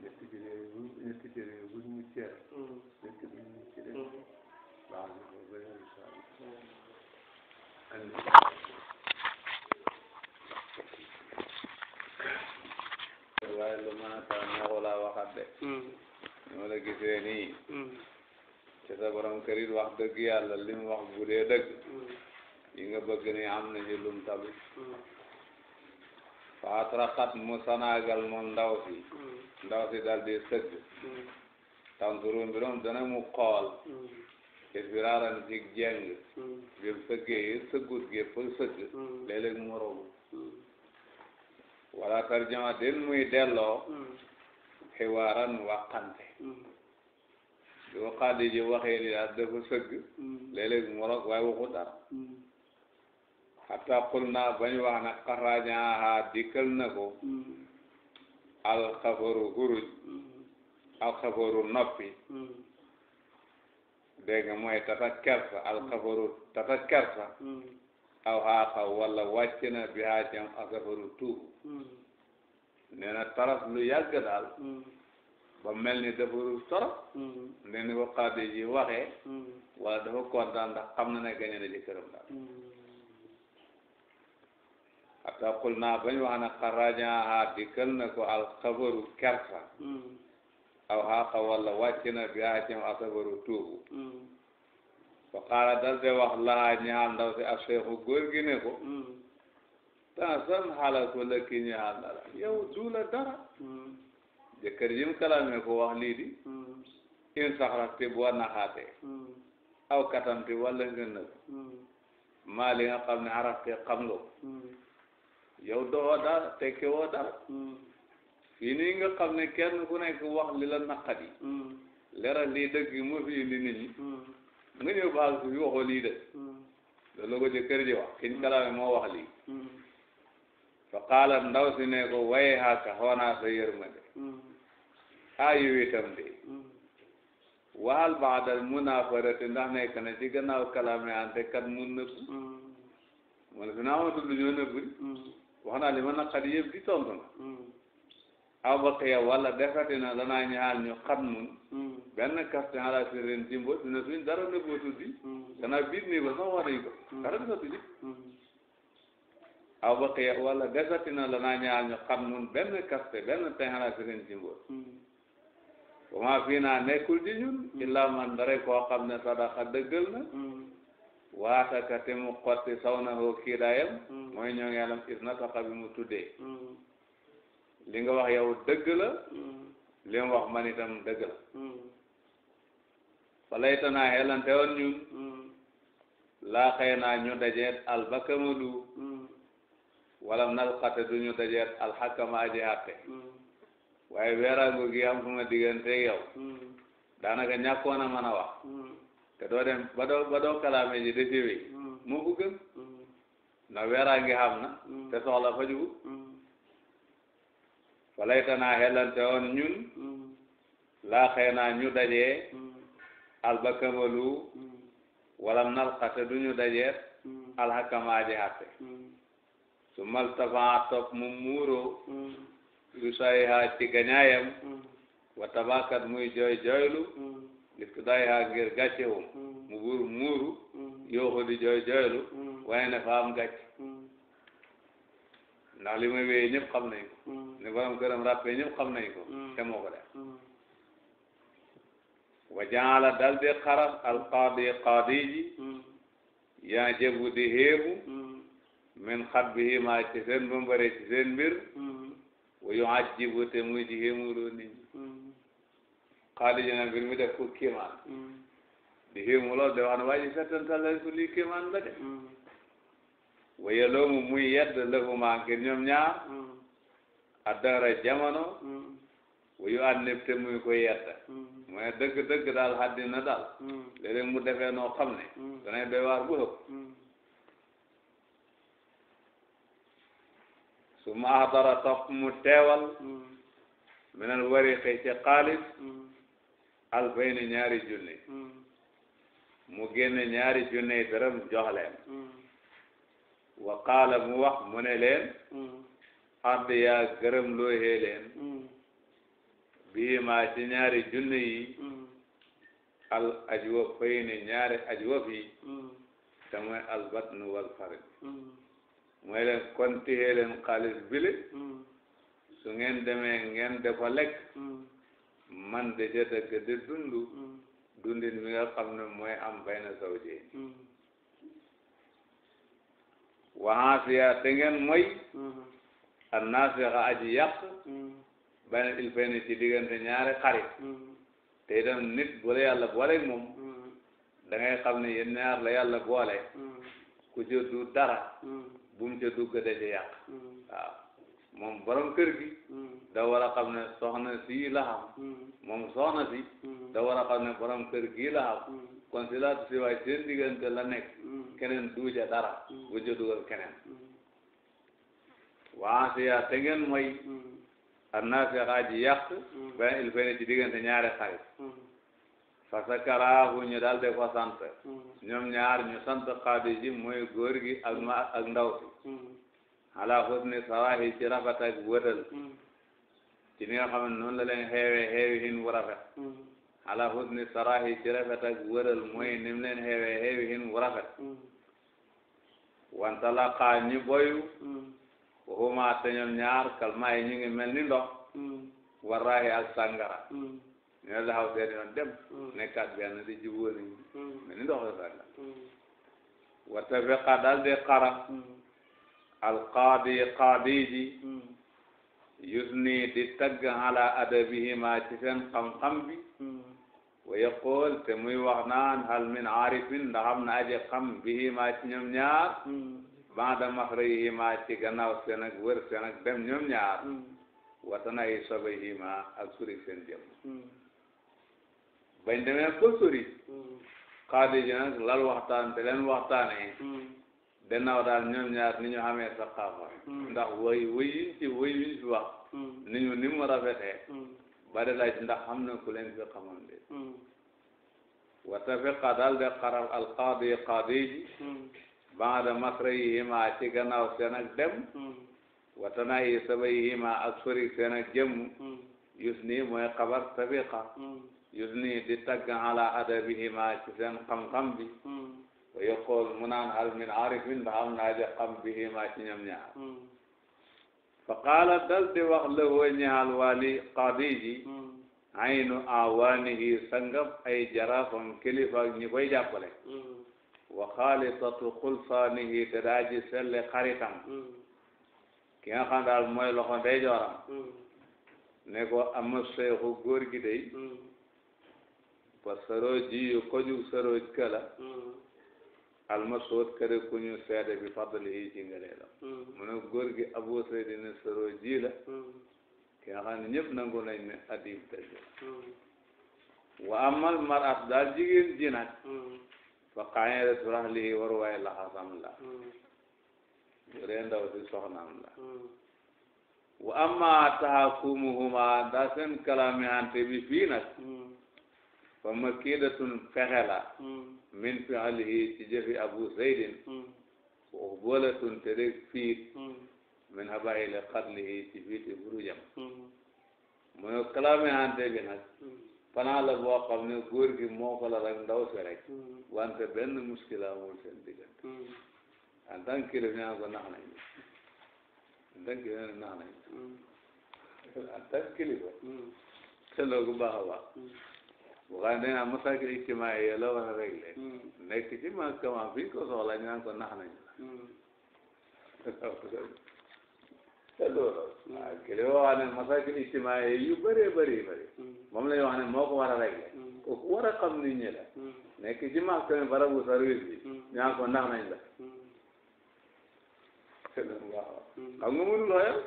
ñetti bi ne bu ñetti bi ne bu ñu muccee rek. ñetti bi ñu muccee rek. baax na ko bëri incha allah. waaye lu mën a tax neexu laa waxaat de. ni ma la gisee nii. ci sa borom kër it wax dëgg yàlla li mu wax bu dee dëgg. yi nga bëgg ni am na ci lum tabi. fa atraxat mu sanaagal moom ndaw si. ndaw si daal di sëgg tànsuru mbirum dana mu xool isbiraaran ci jeng bi mu sëggee sëggut gi pour sëgg léeg-léeg mu robu wala tarjama den muy delloo xiwaaran waxante bi ko xaddi ji waxee daal dafa sëgg léeg-léeg mu waaye waxu dara xataa xul naa bañ wax na xaraañaaha dikkal na ko alxabaru huruj alxabaru noppi dégg mooy tata kersa alxabaru tata kersa aw xaaxa walla wàcc na bi haa jam alxabaru tuubu nee na lu yàgg daal ba mel ni dafa ruus torop nee ni ko xaade ji waxee walla dafa kontaan ndax xam na gañe na jëkkëram daal hatta qul naa bañ wax ne xarañaa dikkal na ko alxabaru kersa mm. aw xaaqa walla wàcc bi haa cim asabaru tuubu mm. fa qaala dal wax lahaa ñaal ndaw si ak seexu góor gi ne ko mm. tansan xaala ko la ki ñaal dara yow duula dara jëkkër jim kalame wax lii di in saxra te naxaate aw katam te walla nga nëb maa li nga xam ne te xam nga yow doxoo dara tekke woo dara hmm. fii nii nga xam ne kenn ku nekk wax li la naqadi hmm. leral lii dëgg moo fi indi nit hmm. nga ñëw baal su fi waxoo lii de la ko jëkkër ji wax kiñ moo wax lii fa qaala ndaw si ne ko waye haka xoonaa sa yërmande aa yow itam de waxal baadal munaafarati ndax nekk na ci gannaaw kalaame ante kat mu nëbb man fi naa ma tudd ñoo nëbb wax naa li ma naqari yëpp di tontu na hmm. aw baqiya walla defatina lanaa ñaal ñu xam mun hmm. benn kasti ala sirrin dimbo dina suñ dara ne boo tuddi danaa hmm. biir nii ba sax wax ko dara bi sa tuddi aw baqiya walla defatina lanaa ñaal ñu xam mun benn kaste benn ten ala sirrin dimbo wa maa fii naa nekkul ci ñun illaa man dara koo xam ne sadaqa dëggal na waasaka te mu xotti saw na hoo kiidaayam hmm. mooy ñoo ngi alam is na saxa bi mu tuddee hmm. li nga wax yow dëgg la hmm. li wax man itam dëgg la falay tanaa xelante woon ñun laa xëy ñu dajeet albakamalu walam nal xate du ñu dajeet alxakama aji xatte waaye weeraangu gi am sama diggante yow daanaka ñàkkoon a mën a wax te doo dem ba doo ba doo kalaame ji dëcc wi mm. moo ko gën mm. na weeraange xam na mm. te soxla fajugu falaytanaa xelante woon ñun laa xëy naa ñu dajee albakamalu walam nalxate du ñu dajeet alxakamaaji xatte su mal tafaa topp mu muuroo rusayiha ci gañaayam wa tabakat muy jooy jooylu gis ku day yaa ngir mm. mu buur muuru mm. yooxu di jooy jooylu mm. waaye ne fa ndax li may wéyee ñëpp xam nañ ko ne borom këram ràppee ñëpp xam nañ ko te moo ko def wa jaala dal di al qaadi qaadi ji jebu di xéebu min xat bi ximaa ci seen bambare ci seen mbir wa ajjibu te muy ji xéemuloo nit xaalis yi mu mbir mi def ko kéemaan di xiimu lool de wax ne waa ji settantal lañ ko la de waye loomu muy yedd lëfumaa ngir ñoom ñaar addara jamono wayu ànnib te muy ko yedd hmm. mooy dëgg dëgg daal xaddina daal hmm. léeg-léeg mu defee noo xam ne hmm. danay waar bu ëpp su ma ahdara mu teewal minal wariqi ci xaalis alfayni ñaari junni mu génne ñaari junni dërëm jox leen wa mu wax mu ne leen xadd yaa gërëm loohee leen bii maa ci ñaari junni yi al ajwa fayni ñaari ajwa fi te mooy albatnu wal farid mooy leen kon tihee leen xaalis bile su ngeen demee ngeen dafa lekk man de ca dëgg de dundu mm. dundin mi nga xam ne mooy am bay na saw ji mm. waxaasiya te ngeen mooy mm-hmm. a naasixa aji yàq mm. bay na il fay ne ci diggante ñaari xarit te itam nit bu la yàlla boole moom da xam ne yéen ñaar la yàlla boole ku ca du dara bu mu ca dugg da ca yàq waaw moom borom kër gi hmm. da war xam ne soxna sii la xam hmm. moom soxna si hmm. da war xam ne borom kër gi la xam kon si laa si waay la nekk keneen duuja dara bu ja dugal keneen waa si yaa te ngeen mooy annaa si xaaji yàq benn il fay ne ci diggante ñaari xarit fasa karaahu ñu daal de ko ñoom ñaar ñu sant xaadi ji mooy góor gi ak ma ak ndaw si ala husni sawahi ci rafet ak wëtal mm. ci ni nga xam ne la leen xeewe xeewi hin wu rafet mm. ala husni sarahi ci rafet ak wëtal mooy ni mu leen xeewe xeewi hin wu rafet mm. wantalaqa ñi boyu waxuma te ñoom ñaar kalma yi ñu ngi mel ni ndox waraahi ak sàngara ñoo daxaw seen yoon dem nekkaat benn di jubóo nañu mel ni ndox la sàngara wata feqa di xara alqaadi qaadi ji hmm. yusni di tagg adabihima ci seen xam-xam bi hmm. wa te muy wax naan hal min aarifin ndax am na bihima ci ñoom ñaar hmm. banda masrayihima ci gannaaw seen ak wër seen ak dem ñoom ñaar watana yi sobayhima ak suri seen jëm bañ demee suri qaadi nag lal waxtaan te leen waxtaanee gannaaw daal ñoom ñaar ni ñu amee saqaafa hmm. ndax way wëyin ci wëy wiñ fi wax hmm. ni ñu ni mu rafetee hmm. bari laaj ndax xam na ku leen fi xamoon de watafiqa daal de xaral alqaadi qaadi ji baada masrayihima ci gannaaw seen ak dem watanayi sabayihima ak sori seen ak jëmm yus nii mooy xabar tafiqa yus di tagg ala adabihima ci seen xam-xam bi wa mu naan hal min aarifin ndax am naa ji xam bihi ma ci ñoom ñaar fa qaala dal di wax la woo ñaal waali qaadi ji aynu awaanihi sangam ay jarafam kilifa ñi koy jàppale wa xaalitatu xulsaanihi te daa ji selle xaritam ki nga xam daal mooy loxo ndeyjooram ne ko ama seexu góor gi day ba ji yu ko jug saroo këla almasuud kare ku ñu seede bi fadli yi ci ngëneelam mm. mu ne góor gi abu saydin soro ji la mm. ki nangu nañ ne adib dëgg la mm. wa amal marat daal jigéen ji fa xañere turax lii waru waay laxasam la bu dee ndaw la wa amma taxakumuhuma daa seen kalaamihante bi fii fa makidatun fexe min fi alihi ci jëfi abu zaydin wa hmm. bolatun te rek fiit hmm. min habaili qatlihi ci fiiti burujam hmm. mu ne kalaame hante bi nag panaa la boo xam ne góor gi moo ko la rek ndaw si rek wante benn muskila amul seen diggante en tant que kilifa ñaan ko nax nañ en tant que kilifa nax nañ en tant que kilifa te loolu baax a baax bu xam ne am masaakil ijtimaay la war a réglé hmm. nekk ci makamaa bi ñu ko soxla ñu naan ko nax nañu la hmm. [LAUGHS] te loolu hmm. waaw kii la wax ne masaakil ijtimaay yu bëree bëri bëri moom la ñu wax ne moo ko war a réglé kooku war a xam nit ñi la nekk ci makamaa barabu service bi ñu naan ko nax nañ la [LAUGHS] xam nga mënul xoyal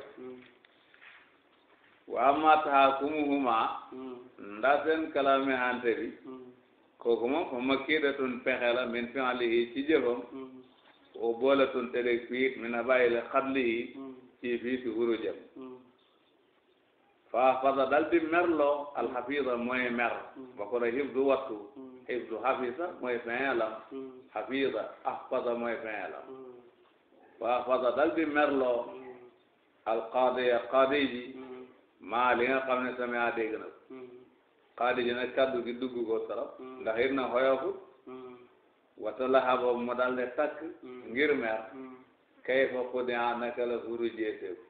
waa ma taxakumuhuma hmm. ndaa seen kalaame hante bi hmm. kooku moom fa makidatun pexe min fi'lihi ci jëfam wa hmm. boolatun te deg fiit min abayil xadlihi ci fiiti huru jëm fa fada dal di merloo alxafisa mooy mer ba ko ne hifdu wattu hifdu xafisa mooy feeñalam xafisa ahfasa mooy feeñalam fa fada dal di merloo alqaadiya qaadi ji maa nga xam ne sama dégg na ko hmm. xaadija nag kàddu gi dugg ko trop hmm. ndax na xoyoku hmm. wata laxa boobu mu de takk ngir mer kay fa xudi a naka la furu jeeteeku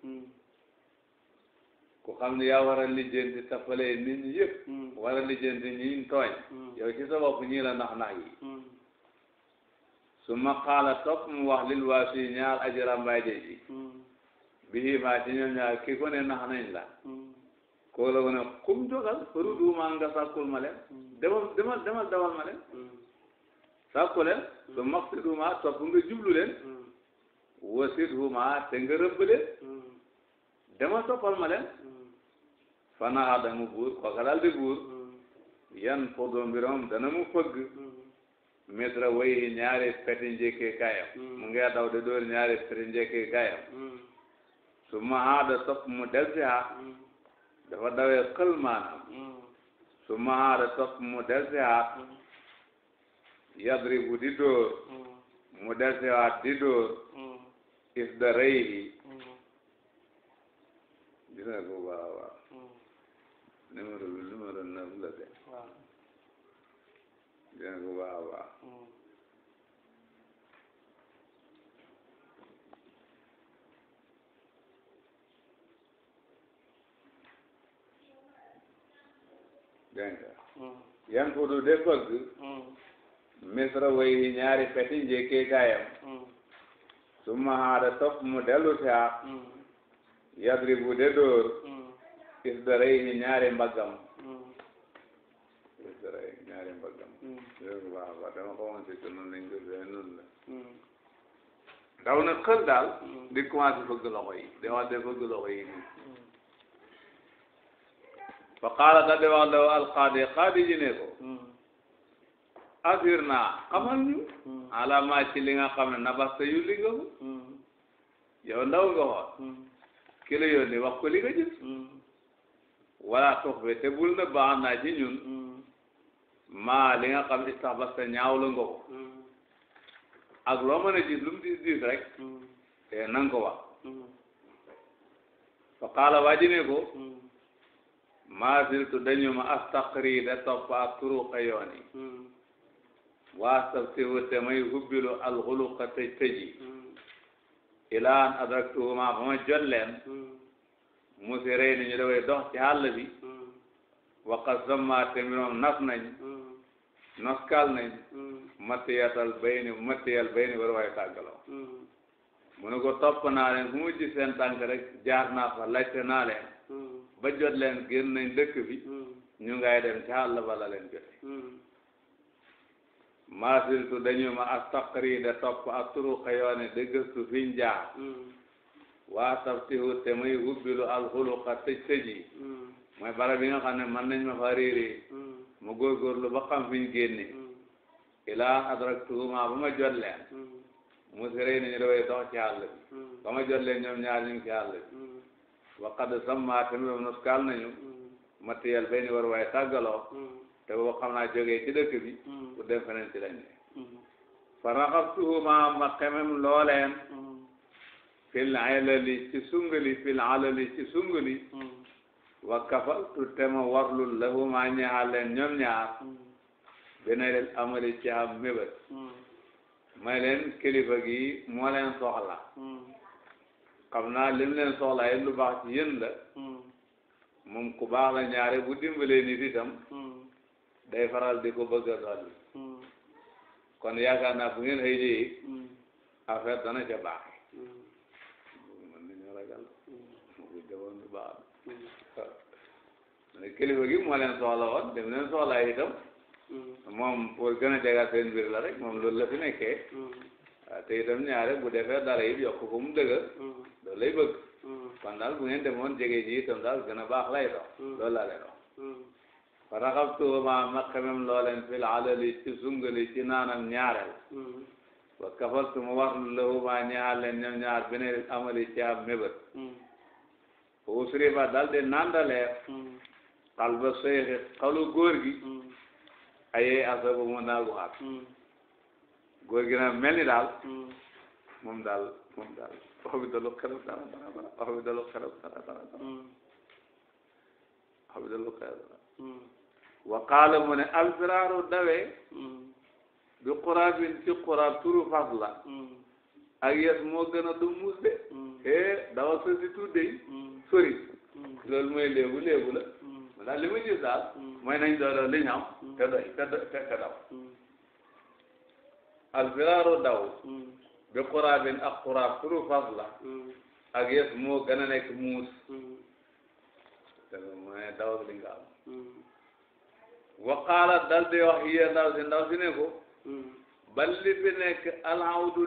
ku xam ne yaa war a lijjanti tappale nit ñi yëpp war a lijjanti ñiñ tooñ yow ci sa bopp ñii la nax nax yi su ma xaala mu wax lil waa suy ñaar aji rambaay ji bii maa ci ñoom ñaar kii ko ne nax la hmm. koo la ko ne kum jógal faru duumaa nga sàkkul ma leen hmm. demal demal demal dawal ma leen hmm. sàkku leen su maxti duumaa topp nga jublu leen wasit duumaa te nga rëbb leen demal toppal ma leen fanaxa da buur kooka daal di buur yan podo mbirom dana mu fëgg mitra wayi ñaari peti njëkkee kaayam mu ngi daw di dóor ñaari peti njëkkee kaayam su ma aada topp mu delsi ha dafa dawee xel maanaam su ma aada topp mu delsi ha yadribu di dóor mu delsi ha di dóor if da rëyi dina ko baax a baax numéro bi numéro dina ko baax a dégg nga mm. yan fu du de bëgg mm. misra way ñaari peti njëkkee kaayam mm. su ma haada topp mu dellu si haat yadribu de dóor is daray ñi ñaari mbaggam is daray ñi ñaari mbaggam yooyu baax a baax dama ko woon si noonu lañ ko fee noonu la daw na xël daal di commencé bëgg di wax de bëgg loxo yi fa qaala daldi wax la alqaadi qaadi ji ne ko asir naa xamal ñu alama ci li nga xam ne nabasta yu li nga ko yow ndaw nga xool ki wax ko li nga wala tox be te bul na baax naa ci ñun maa li nga xam istaxbasta ñaaw la nga ko ak loo mën a gis lu mu diis diis rek te nanga ko wax ji ne ko maasiltu dañu ma astaqri da topp ak turuqa yoon yi hmm. waastab si wu te may hubbilu alxuluqa tëj tëji hmm. ilaan adraktuhuma ba ma jot leen hmm. musirey ni ñu daway dox ci àll bi waqat zamma te minoom nas nañ noskal nañ matiyatal bayni matiyal bayni war waay tàggaloo mu ne ko topp naa leen fu mu gis seen tànk rek jaar naa fa laajte naa leen ba jot leen génn nañ dëkk bi hmm. ñu ngay dem ca àll ba la leen jote hmm. maasiltu dañu ma astaqri de top ak turuqa yoone de gëstu fiñ jaar hmm. waa taftihu may hubbilu alxuluqa tëj tëji mooy barab yi nga xam ne mën nañ ma fa réeree ma góorgóorlu ba xam fiñ génne ilaa adraktuhuma ba ma jot leen musirey nañu daway dox ci àll bi ba ma jot leen ñoom ñaar ñu ngi ci àll bi waqad samma te mu nuskaal nañu mm. matériel bay ni war waaye tàggaloo mm. te boobu xam naa jógee ci dëkk bi pour mm. dem feneen ci lañ ne fa raxabtuhuma ma xemem looleen fil alali ci sungali fil alali ci sungali wa kafaltu te ma warlul lahuma ñaar leen ñoom ñaar dina amali ci am mébét may leen kilifa gi moo soxla xam naa lim leen soxla yi lu baax ci la hmm. moom ku baax la ñaare bu dimbalee nit itam hmm. day faral di ko bëgg a dolli hmm. kon yaakaar naa bu ngeen xëy jii affaire dana ca baax mën nañu ragal bu defoon lu baax la kilifa gi moo leen soxla woon dem leen soxla yi itam moom pour gën a jagal seen mbir la rek moom loolu la fi nekkee waaw te itam ñaare bu defee dara it yokk ko mu dëgër loolu lay bëgg kon daal bu ngeen demoon jege ji itam daal gën a baax lay dox loolu laa leen wax fa raxabtuhu ma maqamam looleen fil alali ci sungali ci naanam ñaareel wa kafaltu mu wax lahu ma ñaar leen ñoom ñaar beneen amali ci am dal di nandaleer xal ba seyxi xalu góor gi ayee asabu mu naagu xat góor gi mel ni daal hmm. moom daal moom daal wax bi dalu xerab dara dara dara bi dalu xerab hmm. bi dalu xerab dara hmm. wa qaala mu ne albiraaru dawee bi quraabin ci quraab turu fas la ak moo gën a du muus de hee dawa sësi sori loolu mooy léegu léegu la mu daal li ma gis daal mooy nañ dooloo li te doy te doy te te albiraaru daw mm. bi xuraabin ak xuraab turu fas la mm. ak yës moo gën a nekk muus mm. te mu ne nga am dal di wax hiya ndaw si ndaw si ne ko bal li fi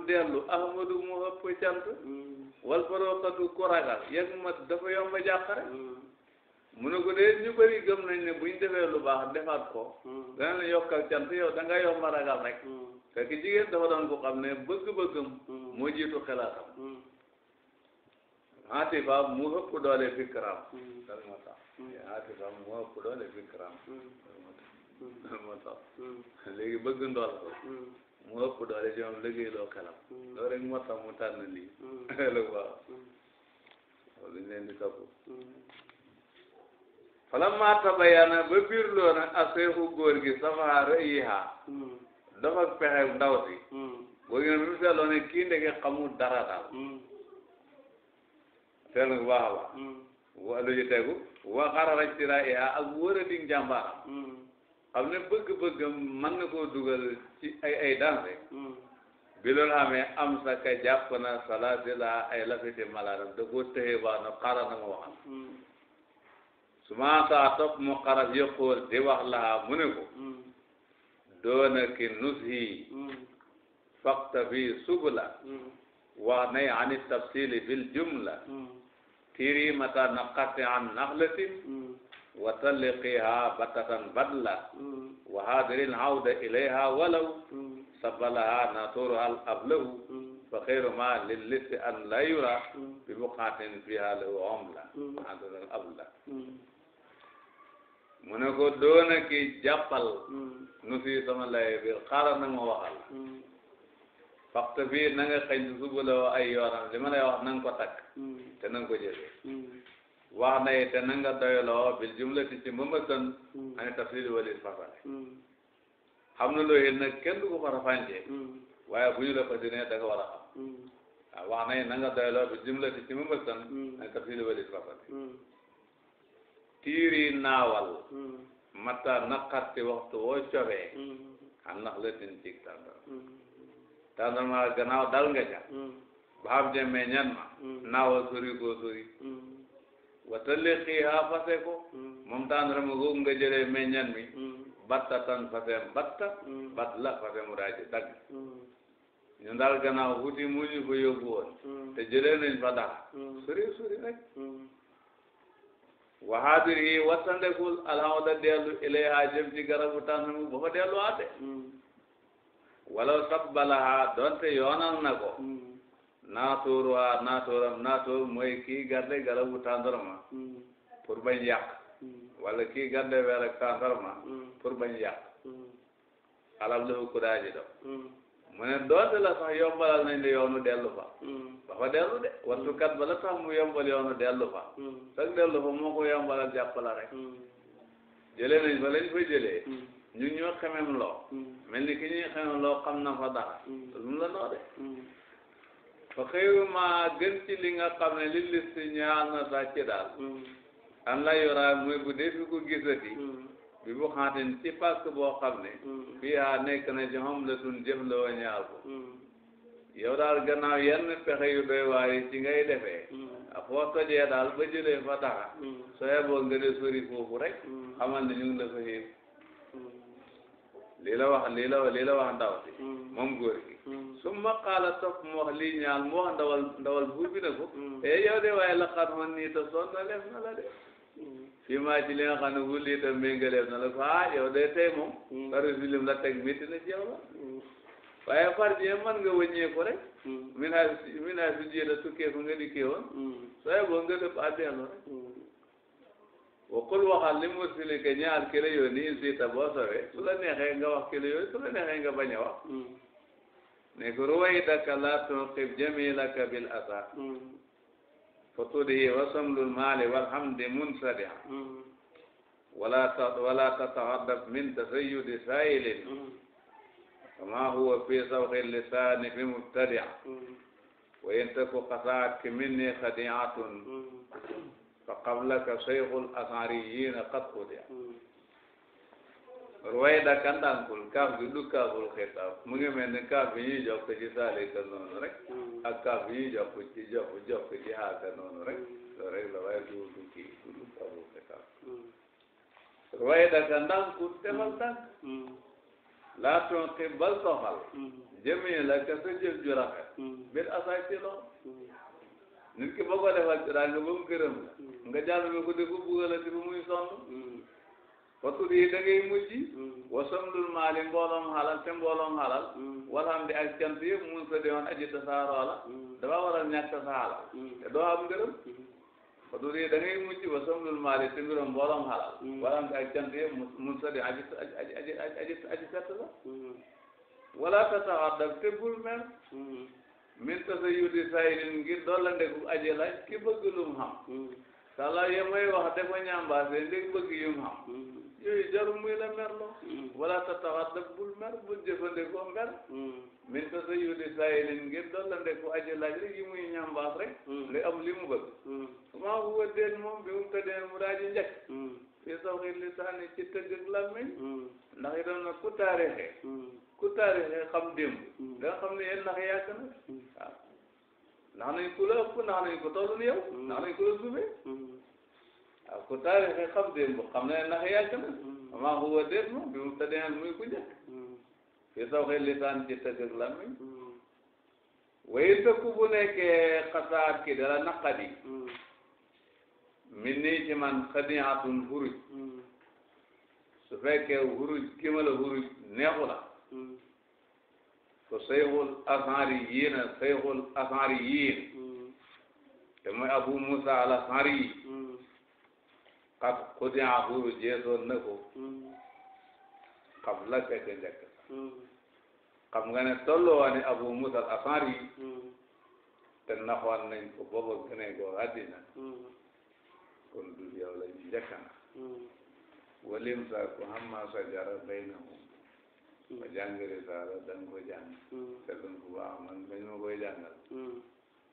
dellu ahmadu mu ëpp cant wal farooqatu ku ragal yëg ma dafa yomb jàqare mu ko de ñu bëri gëm nañ ne buñ defee lu baax defaat ko dana la yokkal cant yow da yomb ragal rek fekk jigéen dafa doon ko xam ne bëgg-bëggam moo jiitu xelaatam mm. atifa mu ëpp doole fikraam mm. loolu mm. moo tax atifa mu ëpp doole fikraam loolu moo tax léegi bëgg ndol ko mu ëpp doole ci moom liggéey loo xelam loolu rek moo tax mu tànn lii [LAUGHS] lu baax loolu ñu leen di topp falamma dafa pexe ndaw si. Hmm. boo gën a seetloo ne kii ndeke xamul dara daal. Hmm. seetlu bu baax a baax. Hmm. wa lu ci tegu wa xarala ci raay ak wërëndi njàmbaaram. xam ne bëgg-bëggam mën na koo dugal ci ay ay danse. bi loolu amee am sa ka jàpp na salaati la ay lafiti malaram da koo tëxee baax na xaaral na ma waxal. su ma saa topp mu xaral yëqool di wax laa mu ne ko. doona ki nushi hmm. faqta bi subula hmm. wax nay ani tabsili bil jumla hmm. tirimata naqati an naxlati wa talliqiha batatan badla wa hadirin hawda ilayha walaw sabalaha naturuha al ablahu fa xeyru ma lillisi an la yura bi buqatin fiha lahu omla mu ne ko doona ki jàppal hmm. nu fii sama lay bi xaaral nag ma waxal hmm. faxte fii na nga xëñ suba la ay yoonam li ma lay wax na ko takk hmm. te ko jëfe wax na te na nga doyloo bil jumlati ci mbambasan ani tafsir walis fasale xam na looy yëg nag kenn du ko fara fànce waaye bu ñu la fasinee da nga war wax na na nga doyloo bil jumlati ci mbambasan ani tafsir walis fasale tiiri naawal hmm. mata naqarti waxtu woo cobee hmm. xam nax la tin cig tàndar hmm. tàndarma gannaaw dal nga ca ba xam je meññan ma naawal sori koo sori wata liqii ha fase ko moom tàndarma googu nga jëlee meññan mi batta tan fasem batta bat la fasem raaji dagg ñu daal gannaaw wuti mu ko yóbbu woon te jëlee nañ fa dara sori sori waxaadir yi wattandekul alhamda dellu ilayha jëm ci garabu tànn mu ba fa delluwaat de walaw sabbalaha donte yoonal na ko naatuuruha naatuuram naatuur mooy kii garde garabu tàndarma pour bañ yàq wala kii garde weer ak tàndarma pour bañ yàq alam lahu do mu ne doonte la sax yombalal nañ la yoonu dellu fa ba hmm. fa dellu de hmm. wattukat ba la tax mu yombal yoonu dellu fa hmm. sax dellu fa moo ko yombalal jàpp la rek jëlee nañ fa lañ fay jëlee ñu ñoo xemem loo mel ni ki ñuy xemem loo xam na fa dara lu mu la noo de fa xëyu maa gën li nga xam ne li an la yoraa muy bu dee fi ko gisati bi bu xantin ci parce boo xam ne mm. fii aa nekk na ci xam la tun jëf la wa ñaar ko yow daal gannaaw yenn pexe yu doy waar yi ci ngay defee mm. foo tojee daal ba jëlee fa taxa mm. soo yeboo nga de sori foofu rek xamal ne ñu ngi la fa xiif lii wax lii la wax ndaw si moom góor gi su ma xaala topp mu wax lii ñaal ko e yow de waaye la xat man nii te sonn na def na fii maa ci li nga xam ne wul itam méngaleef na la ko ah yow day tey moom far mm. la teg métti na ci yow la mm. waaye far man nga wëññeeku rek min haa min haa su nga dikkee woon mm. sooy boo nga dëpp addeelu rek wa qul waxal li mursilika ñaar ki la yónni in siita boo sowee su la neexee wax ki la yónni su la neexee a wax ne ko ruway daka laa tunqib jamilaka bil asa فطوله وسمل المال والحمد منسدع ولا تتعدد من تسيد سائل كما هو في سوق اللسان بمبتدع وإن تك قطعتك مني خديعة فقبلك شيخ الأشعريين قد خدع ruwayda kandankul kaaf bi du kaaful xitaab mu ngi mel ni kaaf bi ñuy jokk ci saalika noonu rek mm. ak kaaf bi ñuy jokk ci jokk jokk ci haaka noonu rek mm. loolu rek la waaye du du kii du kaaful xitaab mm. ruwayda kandankul defal tànk laa toon xib bal soxal jëmee la ka sa jëf ju rafet bir asaay ci loxo nit ki ba ko defal ci daa nga ba mu gërëm la nga jàll bi ko di ko bugala di ba muy sonn watul yi da ngay mujj mm. wasamdul maali mbooloom xalal te mbooloom xalal mm. walxam di ak cant yëpp mun sa demoon aji tasaaroo la mm. dafa waral ñàkk sa xalal te doo am ngërëm watul yi da ngay mujj wasamdul maali te mbiram di ak cant yëpp mun sa dem aji aji aji aji aji sett wala tasaxaddab te bul min tasa yudi saydin ngir dolla ndeku aji laaj ki bëgg lum xam sala ya may wax dafa ñambaase ndeg bëgg yum xam yooyu jarul muy la mer loo mm. wala tataxat nag bul mer bul jëfandikoo mer mm. min ta sa yudi saayilin ngir doon la ndeku aji laaj rek yi muy ñambaas rek mm. li am li mu bëgg maa huwa déen moom bi mu tëddee mu daaji njëkk fii sawxi lisaani ci tëgg ak làmmiñ ndax itam nag ku taarixee ku taarixee xam démb nga xam ne yéen ndax yàgg na ndax nañ ku la ëpp ndax nañ ko toll ni yow ndax nañ ku la suufee ah ku taarixi xam démb xam ne ndax yàgg na hmm. amaa huwa déet bi mu tëddee muy ku njëkk hmm. fi tawxi lisaan ci tëgg ak làmmiñ hmm. waaye dëkk bu nekkee xasaat ki dara naqadi min nii ci man xadiatun huruj su fekkee huruj ki ma la huruj neexu la ko sayxul asaari yiina sayxul asaari yiin te mooy abu musa al asaari xab xudi ahuru jeexoon na hmm. ko xam la fekk njëkk xam hmm. nga ne tolluwaani abu musa al asari hmm. te naxoon nañ ko booba gëne goo àddina kon du yow la ñu njëkk na walim sa ko hamma sajara baynahum ma jàngi risaala dan ko jàng te dan ko baax man dañ ma koy jàngal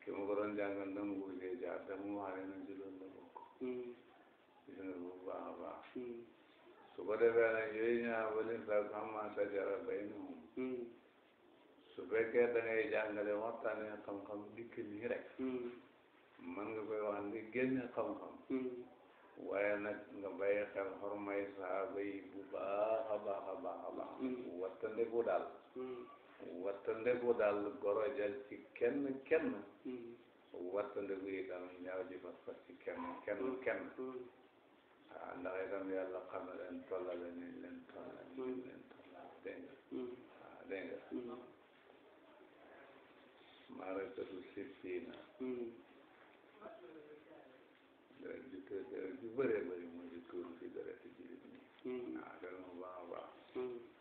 ki ma ko doon jàngal dama ko jee jaar te mu wax ne na ci loolu la bokk jënd bu baax a baax su ko defee nag yooyu ñaar ba lim sax xamma sajara baynahum hmm. su fekkee da ngay jàngale waxtaanee dikk nii rek hmm. mën nga koy wax ni génne xam-xam hmm. waaye nag nga bàyyi xel xormay saaba yi bu baax a baax a baax a baax wattandeku daal wattandeku daal gorojal ci kenn kenn wattandeku itam ji fas fas ci kenn kenn waaw ndax itam yàlla xam na leen tollale nañ leen tollale nañ hmm. leen tollale dégg nga hmm. waaw dégg nga hmm. maarakatu sittiina deret ju tuur deret ju bëree bëri moo ci tuur ci deret jullit ñi waaw loolu mu baax a baax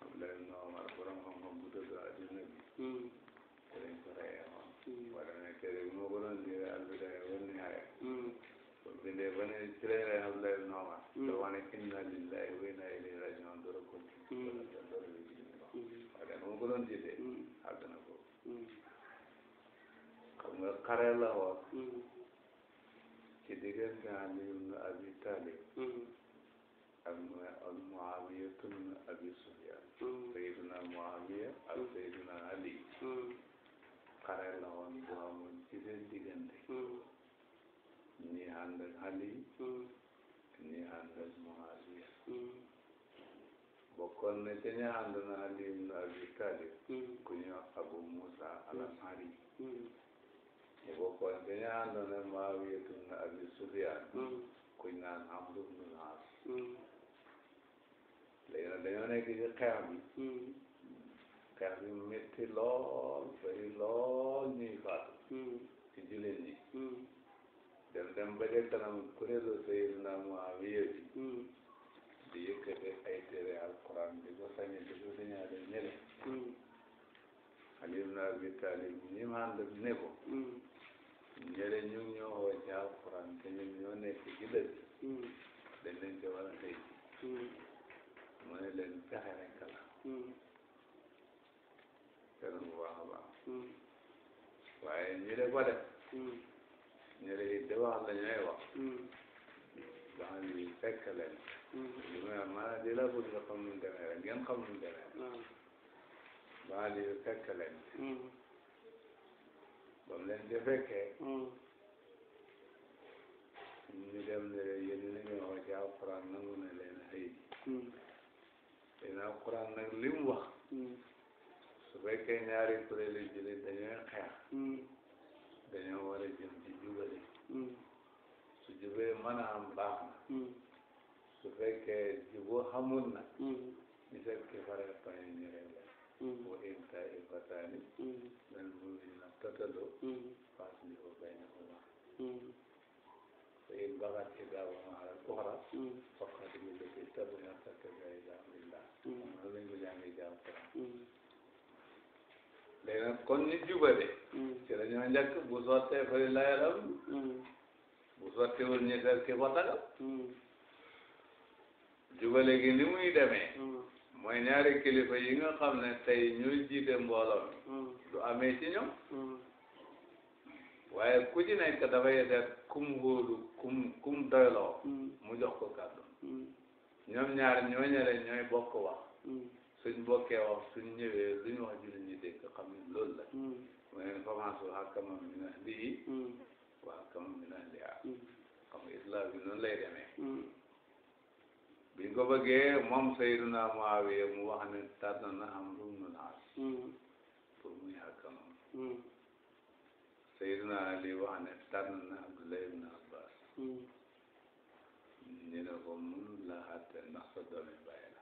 Abdoulaye ibn Omar borom xam-xam bu dëgg àddina bi ko lañ ko reyee moom wala ne tere bi moo ko doon lire Al-Bidaaya wa bindee ba ne ci lay rey Abdoulaye ibn Omar dafa ne inna lillahi wa inna ilayhi rajiun doro ko waaye nu mu ko doon jiite àgg na ko xam nga xare la woon ci diggante Ali ibn Abi Talib ak Muawiya ibn Abi Sufyan Sayyidina Muawiya ak Sayyidina Ali xare la woon bu amoon ci seen diggante ñi ànd ak Ali ñi ànd ak Muawiya bokkoon na ca ña ànd na Ali ibn Abi Talib ku ñu Abu Musa al-Ash'ari mu bokkoon ca ña ànd na Muawiya ibn Abi Sufyan ku ñu naan Amr ibn al-As léegi nag dañoo nekk ci xeex bi lool bari lool ñuy faatu ci jullit ñi dem dem ba ca kanam kuréelu Seydina Muawiya bi hmm. di yëkkate ay téere alquran di ko sañe di ko siñaale ñële hmm. Ali ibn Abi Talib ñi ma ànd ak ne ko ñële hmm. ñu ngi ñoo woo ci alquran te ñun ñoo nekk ci dëkk dañ leen ci war a xëy mu ne leen pexe rekk la kenn bu baax a baax waaye ñu de ko def ñu ne lii de wax lañuy wax dama hmm. ne lii fekk leen hmm. li may wax maanaam di la bëgg nga xam nu mu demee rek ngeen xam nu mu demee dama ne lii fekk hmm. mu leen di fekkee ñu dem ne leen yéen li ñuy wax ci alquran nangu na leen xëy te na alquran nag li mu wax su fekkee ñaari kuréel yi jullit dañuy xeex dañoo war a jëm jubale mm. su jubee mën a am baax na mm. su fekkee juboo xamul na ñu seet ki faral paye ñu regle wa in taifataani min al-mu'miniina qtataluu faslihuu baynahumaa fa in baghat ihdaahuma ala al-ukhraa mm. faqad léegi nag jubale ci la ñoo njëkk bu sottee fari layaram bu sottiwul ñu seet ki ko tagal jubale gi ni muy demee mooy ñaari kilifa yi nga xam ne tey ñuy jiite mbooloo mi du amee ci ñoom waaye ku ci kum wóolu kum kum doyloo mu jox ko kàddu ñoom ñaar ñooñale ñooy bokk suñ bokkee wax suñ ñëwee luñ wax jullit ñi dégg xam ne loolu la mm. mooy information hakaman min ahlihi wa hakaman min ahliha xam nga islam bi noonu lay demee mm. biñ ko bëggee moom Sayyiduna Muawiya mu wax ne tànn na Amru ibn al-As mm. pour muy hakamam Sayyiduna Ali wax ne tànn na Abdullah ibn Abbas ñu ne ko mun la xatte ndax sa doomi bàyyi la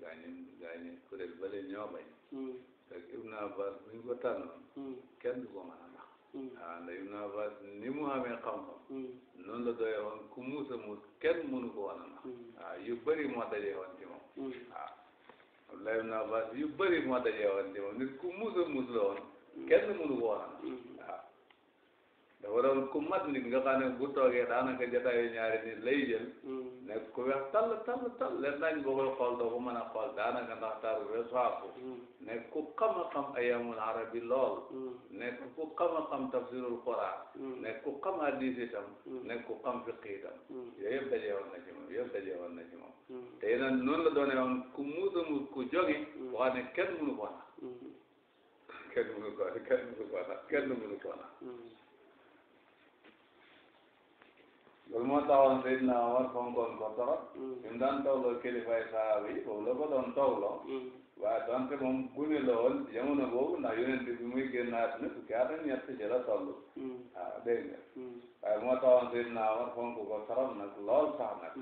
gaañu gaañu kuréel bële ñoo bañ hmm. fekk Ibn Abbas buñ ko tànnoon hmm. kenn du ko mën a nax hmm. ah ndax Ibn Abbas ni mu amee xam-xam noonu la doyee woon ku muus a muus kenn mënu ko woon a nax ah yu bëri moo dajee woon ci moom ah Abdullah Ibn yu bëri moo dajee woon ci moom nit ku muus a muus la woon kenn mënu ko woon dafa doon ku mat nit nga xam ne bu toogee daanaka jataayu ñaari nit lay jël mm. ne ku weex tall tall tall leen dañ boo koy xool doo ko mën a xool daanaka ndax taru weesu mm. ne ku xam a xam ayamul arabi mm. ne ku xam a xam tafsirul quran ne ku xam hadis itam ne ku xam fiqi itam yooyu yëpp dajee woon na ci moom yëpp dajee woon na ci moom te nag noonu la doone woon ku muus ku jogi wax ne kenn mënu ko na [LAUGHS] kenn mënu ko na loolu moo taxoon Seydina Omar fonkoon ko torop fi mm. mu daan tawloo kilifaay sahaaba yi foofu la ko doon tawloo mm. waaye donte moom gune la woon jamono boobu ndax yonent bi muy génn àdduna fukki at ak ñett ci la toll waaw mm. ah, dégg nga waaye moo taxoon Seydina Omar fonk ko torop nag lool sax nag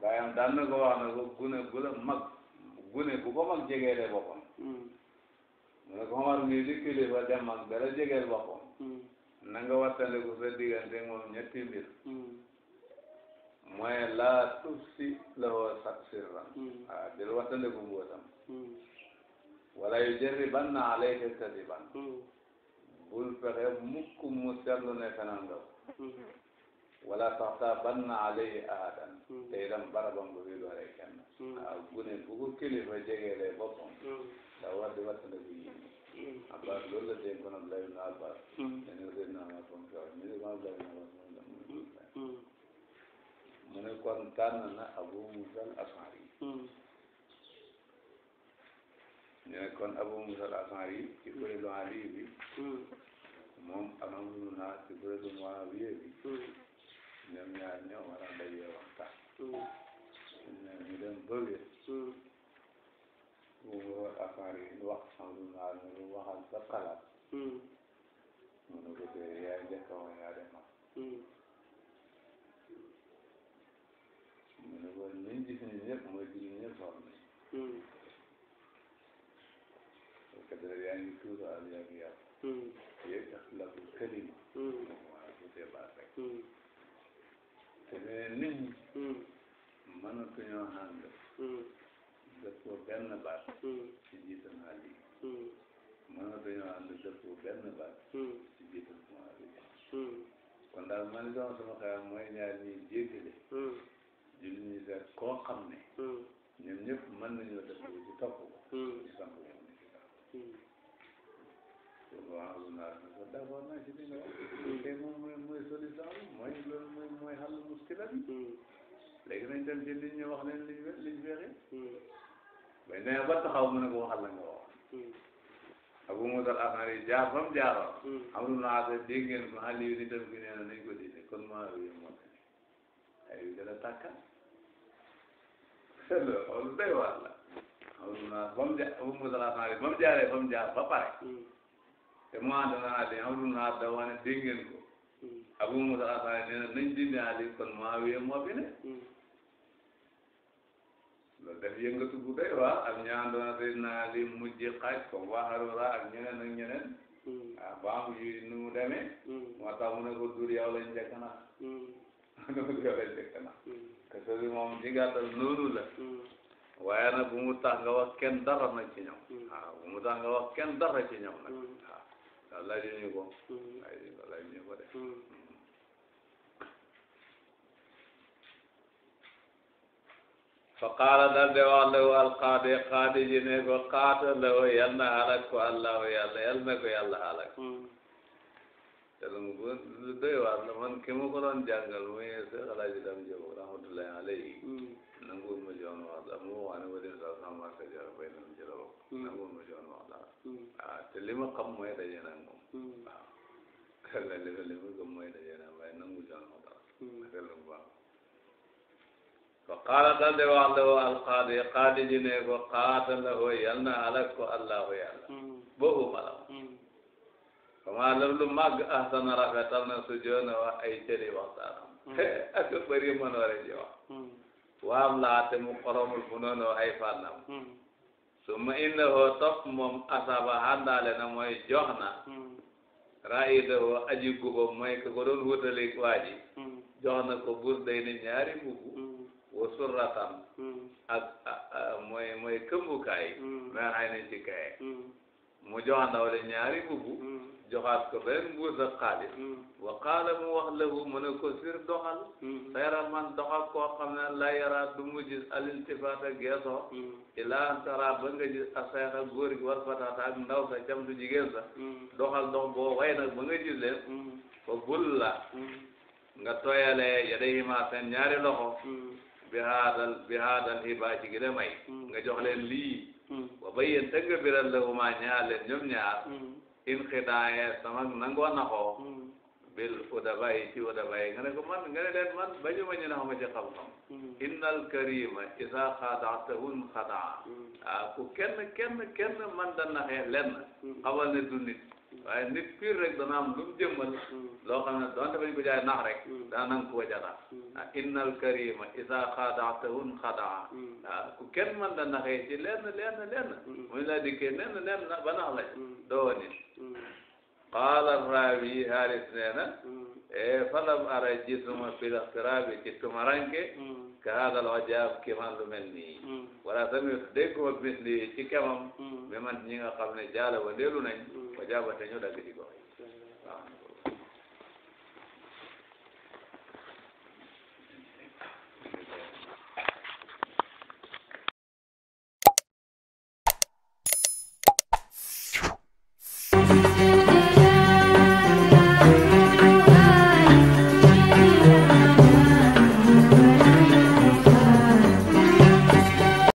baayam daan na ko wax na ko gune gu la mag gune bu ko mag jegee de boppam mu ne ko Omar mii di kilifa dem mag dara jegeel na nga wattandiku sa diggante moom ñetti mbir hmm. mooy laa tufsi lahoo sirran waaw hmm. del wattandiku mbootam hmm. wala yu jarribanna alayka kadiban bul fexe mukk mu seetlu ne feneen nga wala taxtaabanna alayhi ahadan te itam barabam bu fi doore kenn waaw gune bu ko kilifa jegelee boppam da war di wattandiku yéen Abbas loolu la dénkoon Abdoulaye ibn Abbas dene Seydina Omar fam ko wax mini ma Abdoulaye ibn Abbas moom la mu mu ne kon tànn na Abu Musa al-Ash'ari ñu ne kon Abu Musa al-Ash'ari ci kuréelu Ali bi moom amamu naa ci kuréelu Muawiya bi ñoom ñaar ñoo war a dajee waxtaan ñu dem ba wér umurool afaarin wax sandu naa ñu waxal sa xalaat hmm. mu ne ko dee yaa njëkk a wane yaa dem mu ne ko niñ gis ni ñëpp mooy gis ni ñëpp xam ni hmm. parce que dara yaa ngi tuuru al yaa ngi yàqu yëg lafu kalima moom waa bu dee baat rek hmm. te nee nit ñi mënatuñoo ànd dëppoo benn baat hmm. ci jiital xaal yi hmm. mën na dañoo ànd dëppoo benn baat hmm. ci jiital xaal yi kon daal man li doon sama xayma mooy ñaar ñuy jéggale julli ñi seet koo xam ne ñoom ñëpp mën nañoo dëppoo ci topp ko ñu sant ko ni ci kaw loolu wax lu naa ne ko d'accord naa ci li nga wax tey moom mooy mooy solution bi mooy loolu mooy mooy xàll muskila bi léegi nañ dem ci li ñu wax leen liñ liñ fexe ba a demee ba taxaw mu ne ko waxal la nga wax hmm. Abu Musa al-Ash'ari jaar fa mu jaaroon hmm. am lu naa sa dégg ngeen ma xale yu gi nee na nañ ko diine kon maa wi moo ne ay yu gën a tàkkal loolu day waar la am lu naa fa mu jaar Abu Musa al-Ash'ari ba mu jaaree fa mu jaar ba pare hmm. te mu ànd naa de am lu naa da wane dégg ngeen ko Abu Musa al-Ash'ari nee na nañ dindi Ali kon maa wi moo fi ne lool def yëngatu bu doy waa ak ñaan a Seydina naa mujj mu comme waa Harura ak ñeneen ak ñeneen hmm. ah baamu yi nu mu demee hmm. moo tax mu ne ko dur yow lañ njëkk na hmm. [LAUGHS] dur yow lañ njëkk na parce que moom ci gàttal noonu la waaye nag bu mu tax nga wax kenn dara nag ci ñoom waaw ah, bu mu tax nga wax kenn dara ci ñoom nag waaw ah, laaj ñu ko laaj ñu ko ñu ko def fa qaala daldi wax lahu alqaadi qaadi ji ne ko qaatalahu yal na halak ko allahu yal na ko yàlla halak hmm. te lu mu lu doy waar man ki ma ko doon jàngal muy Seex Alaaji Dam rahmatullahi alayhi hmm. nanguwul ma joon wax mu wax ne ma dem sax sama marché jox bay nam ci la bokk hmm. nanguwul ma joon wax dara ah te li ma xam mooy daje naa moom waaw kala [LAUGHS] li ma li ma gëm mooy daje naa waaye nangu joon wax dara a qaala dal de wax la woo qaadi ji ne ko qaata la woo yal na alak ko allahu yàlla hmm. boobu mala kama hmm. lam lu màgg ahsana rafetal na su joona wax ay cëli waxtaanam hmm. ak bëri mënoore ji wax waam laa te mu xoromul fu noonu ay fànnam su ma inna hoo topp moom asaba àndaale na mooy jox na raida hoo aji gubam mooy ka ko doon wutalik waa ji jox ko bur day ne ñaari mbubu wasurratan hmm. ak mooy mooy këmbukaay men hmm. xay nañ ci kaye hmm. mu jox ndaw le ñaari mbubu joxaat ko benn mbuus ak xaalis wa qaala mu wax lahu mu ne ko sir doxal sayra man doxal koo xam ne al iltifaata geesoo ilaa tara ba nga gis asayxa gi war fatata ak ndaw sa jam doxal dox boo way nag ba nga gis bul la nga tooyalee yadayhima seen ñaari loxo bi haadal bi haadal hibaa ci gi la mm. nga jox leen lii mm. wa bayyin te nga biral la huma ñaar leen ñoom ñaar mm. in xidaaya sama nangoo naxoo bil udaba yi ci udaba yi nga ne ko man nga ne leen man bañu ma ñu nax ma ci xam-xam innal karima isa xadaatahun xadaa ah ku kenn kenn kenn man da naxee lenn xamal ne du waaye nit pire rek dana am lu mu jëmmal mm. loo xam ne donte bañ ko jaay nax rek mm. daa nang ko jata mm. ah innal karima isa xadaatahun xadaa ah ku kenn mën da naxee ci lenn lenn lenn muy la dikkee lenn lenn ba nax la qaala raawi haris nee na e falam ara gisuma fil ixtiraabi ci tumaranke ka haadal ajaab ki man lu mel nii wala tamit dégguma bis li ci kemam mi man ñi nga xam ne jaala wa ndeelu nañ wa jaabate ñu dagg ci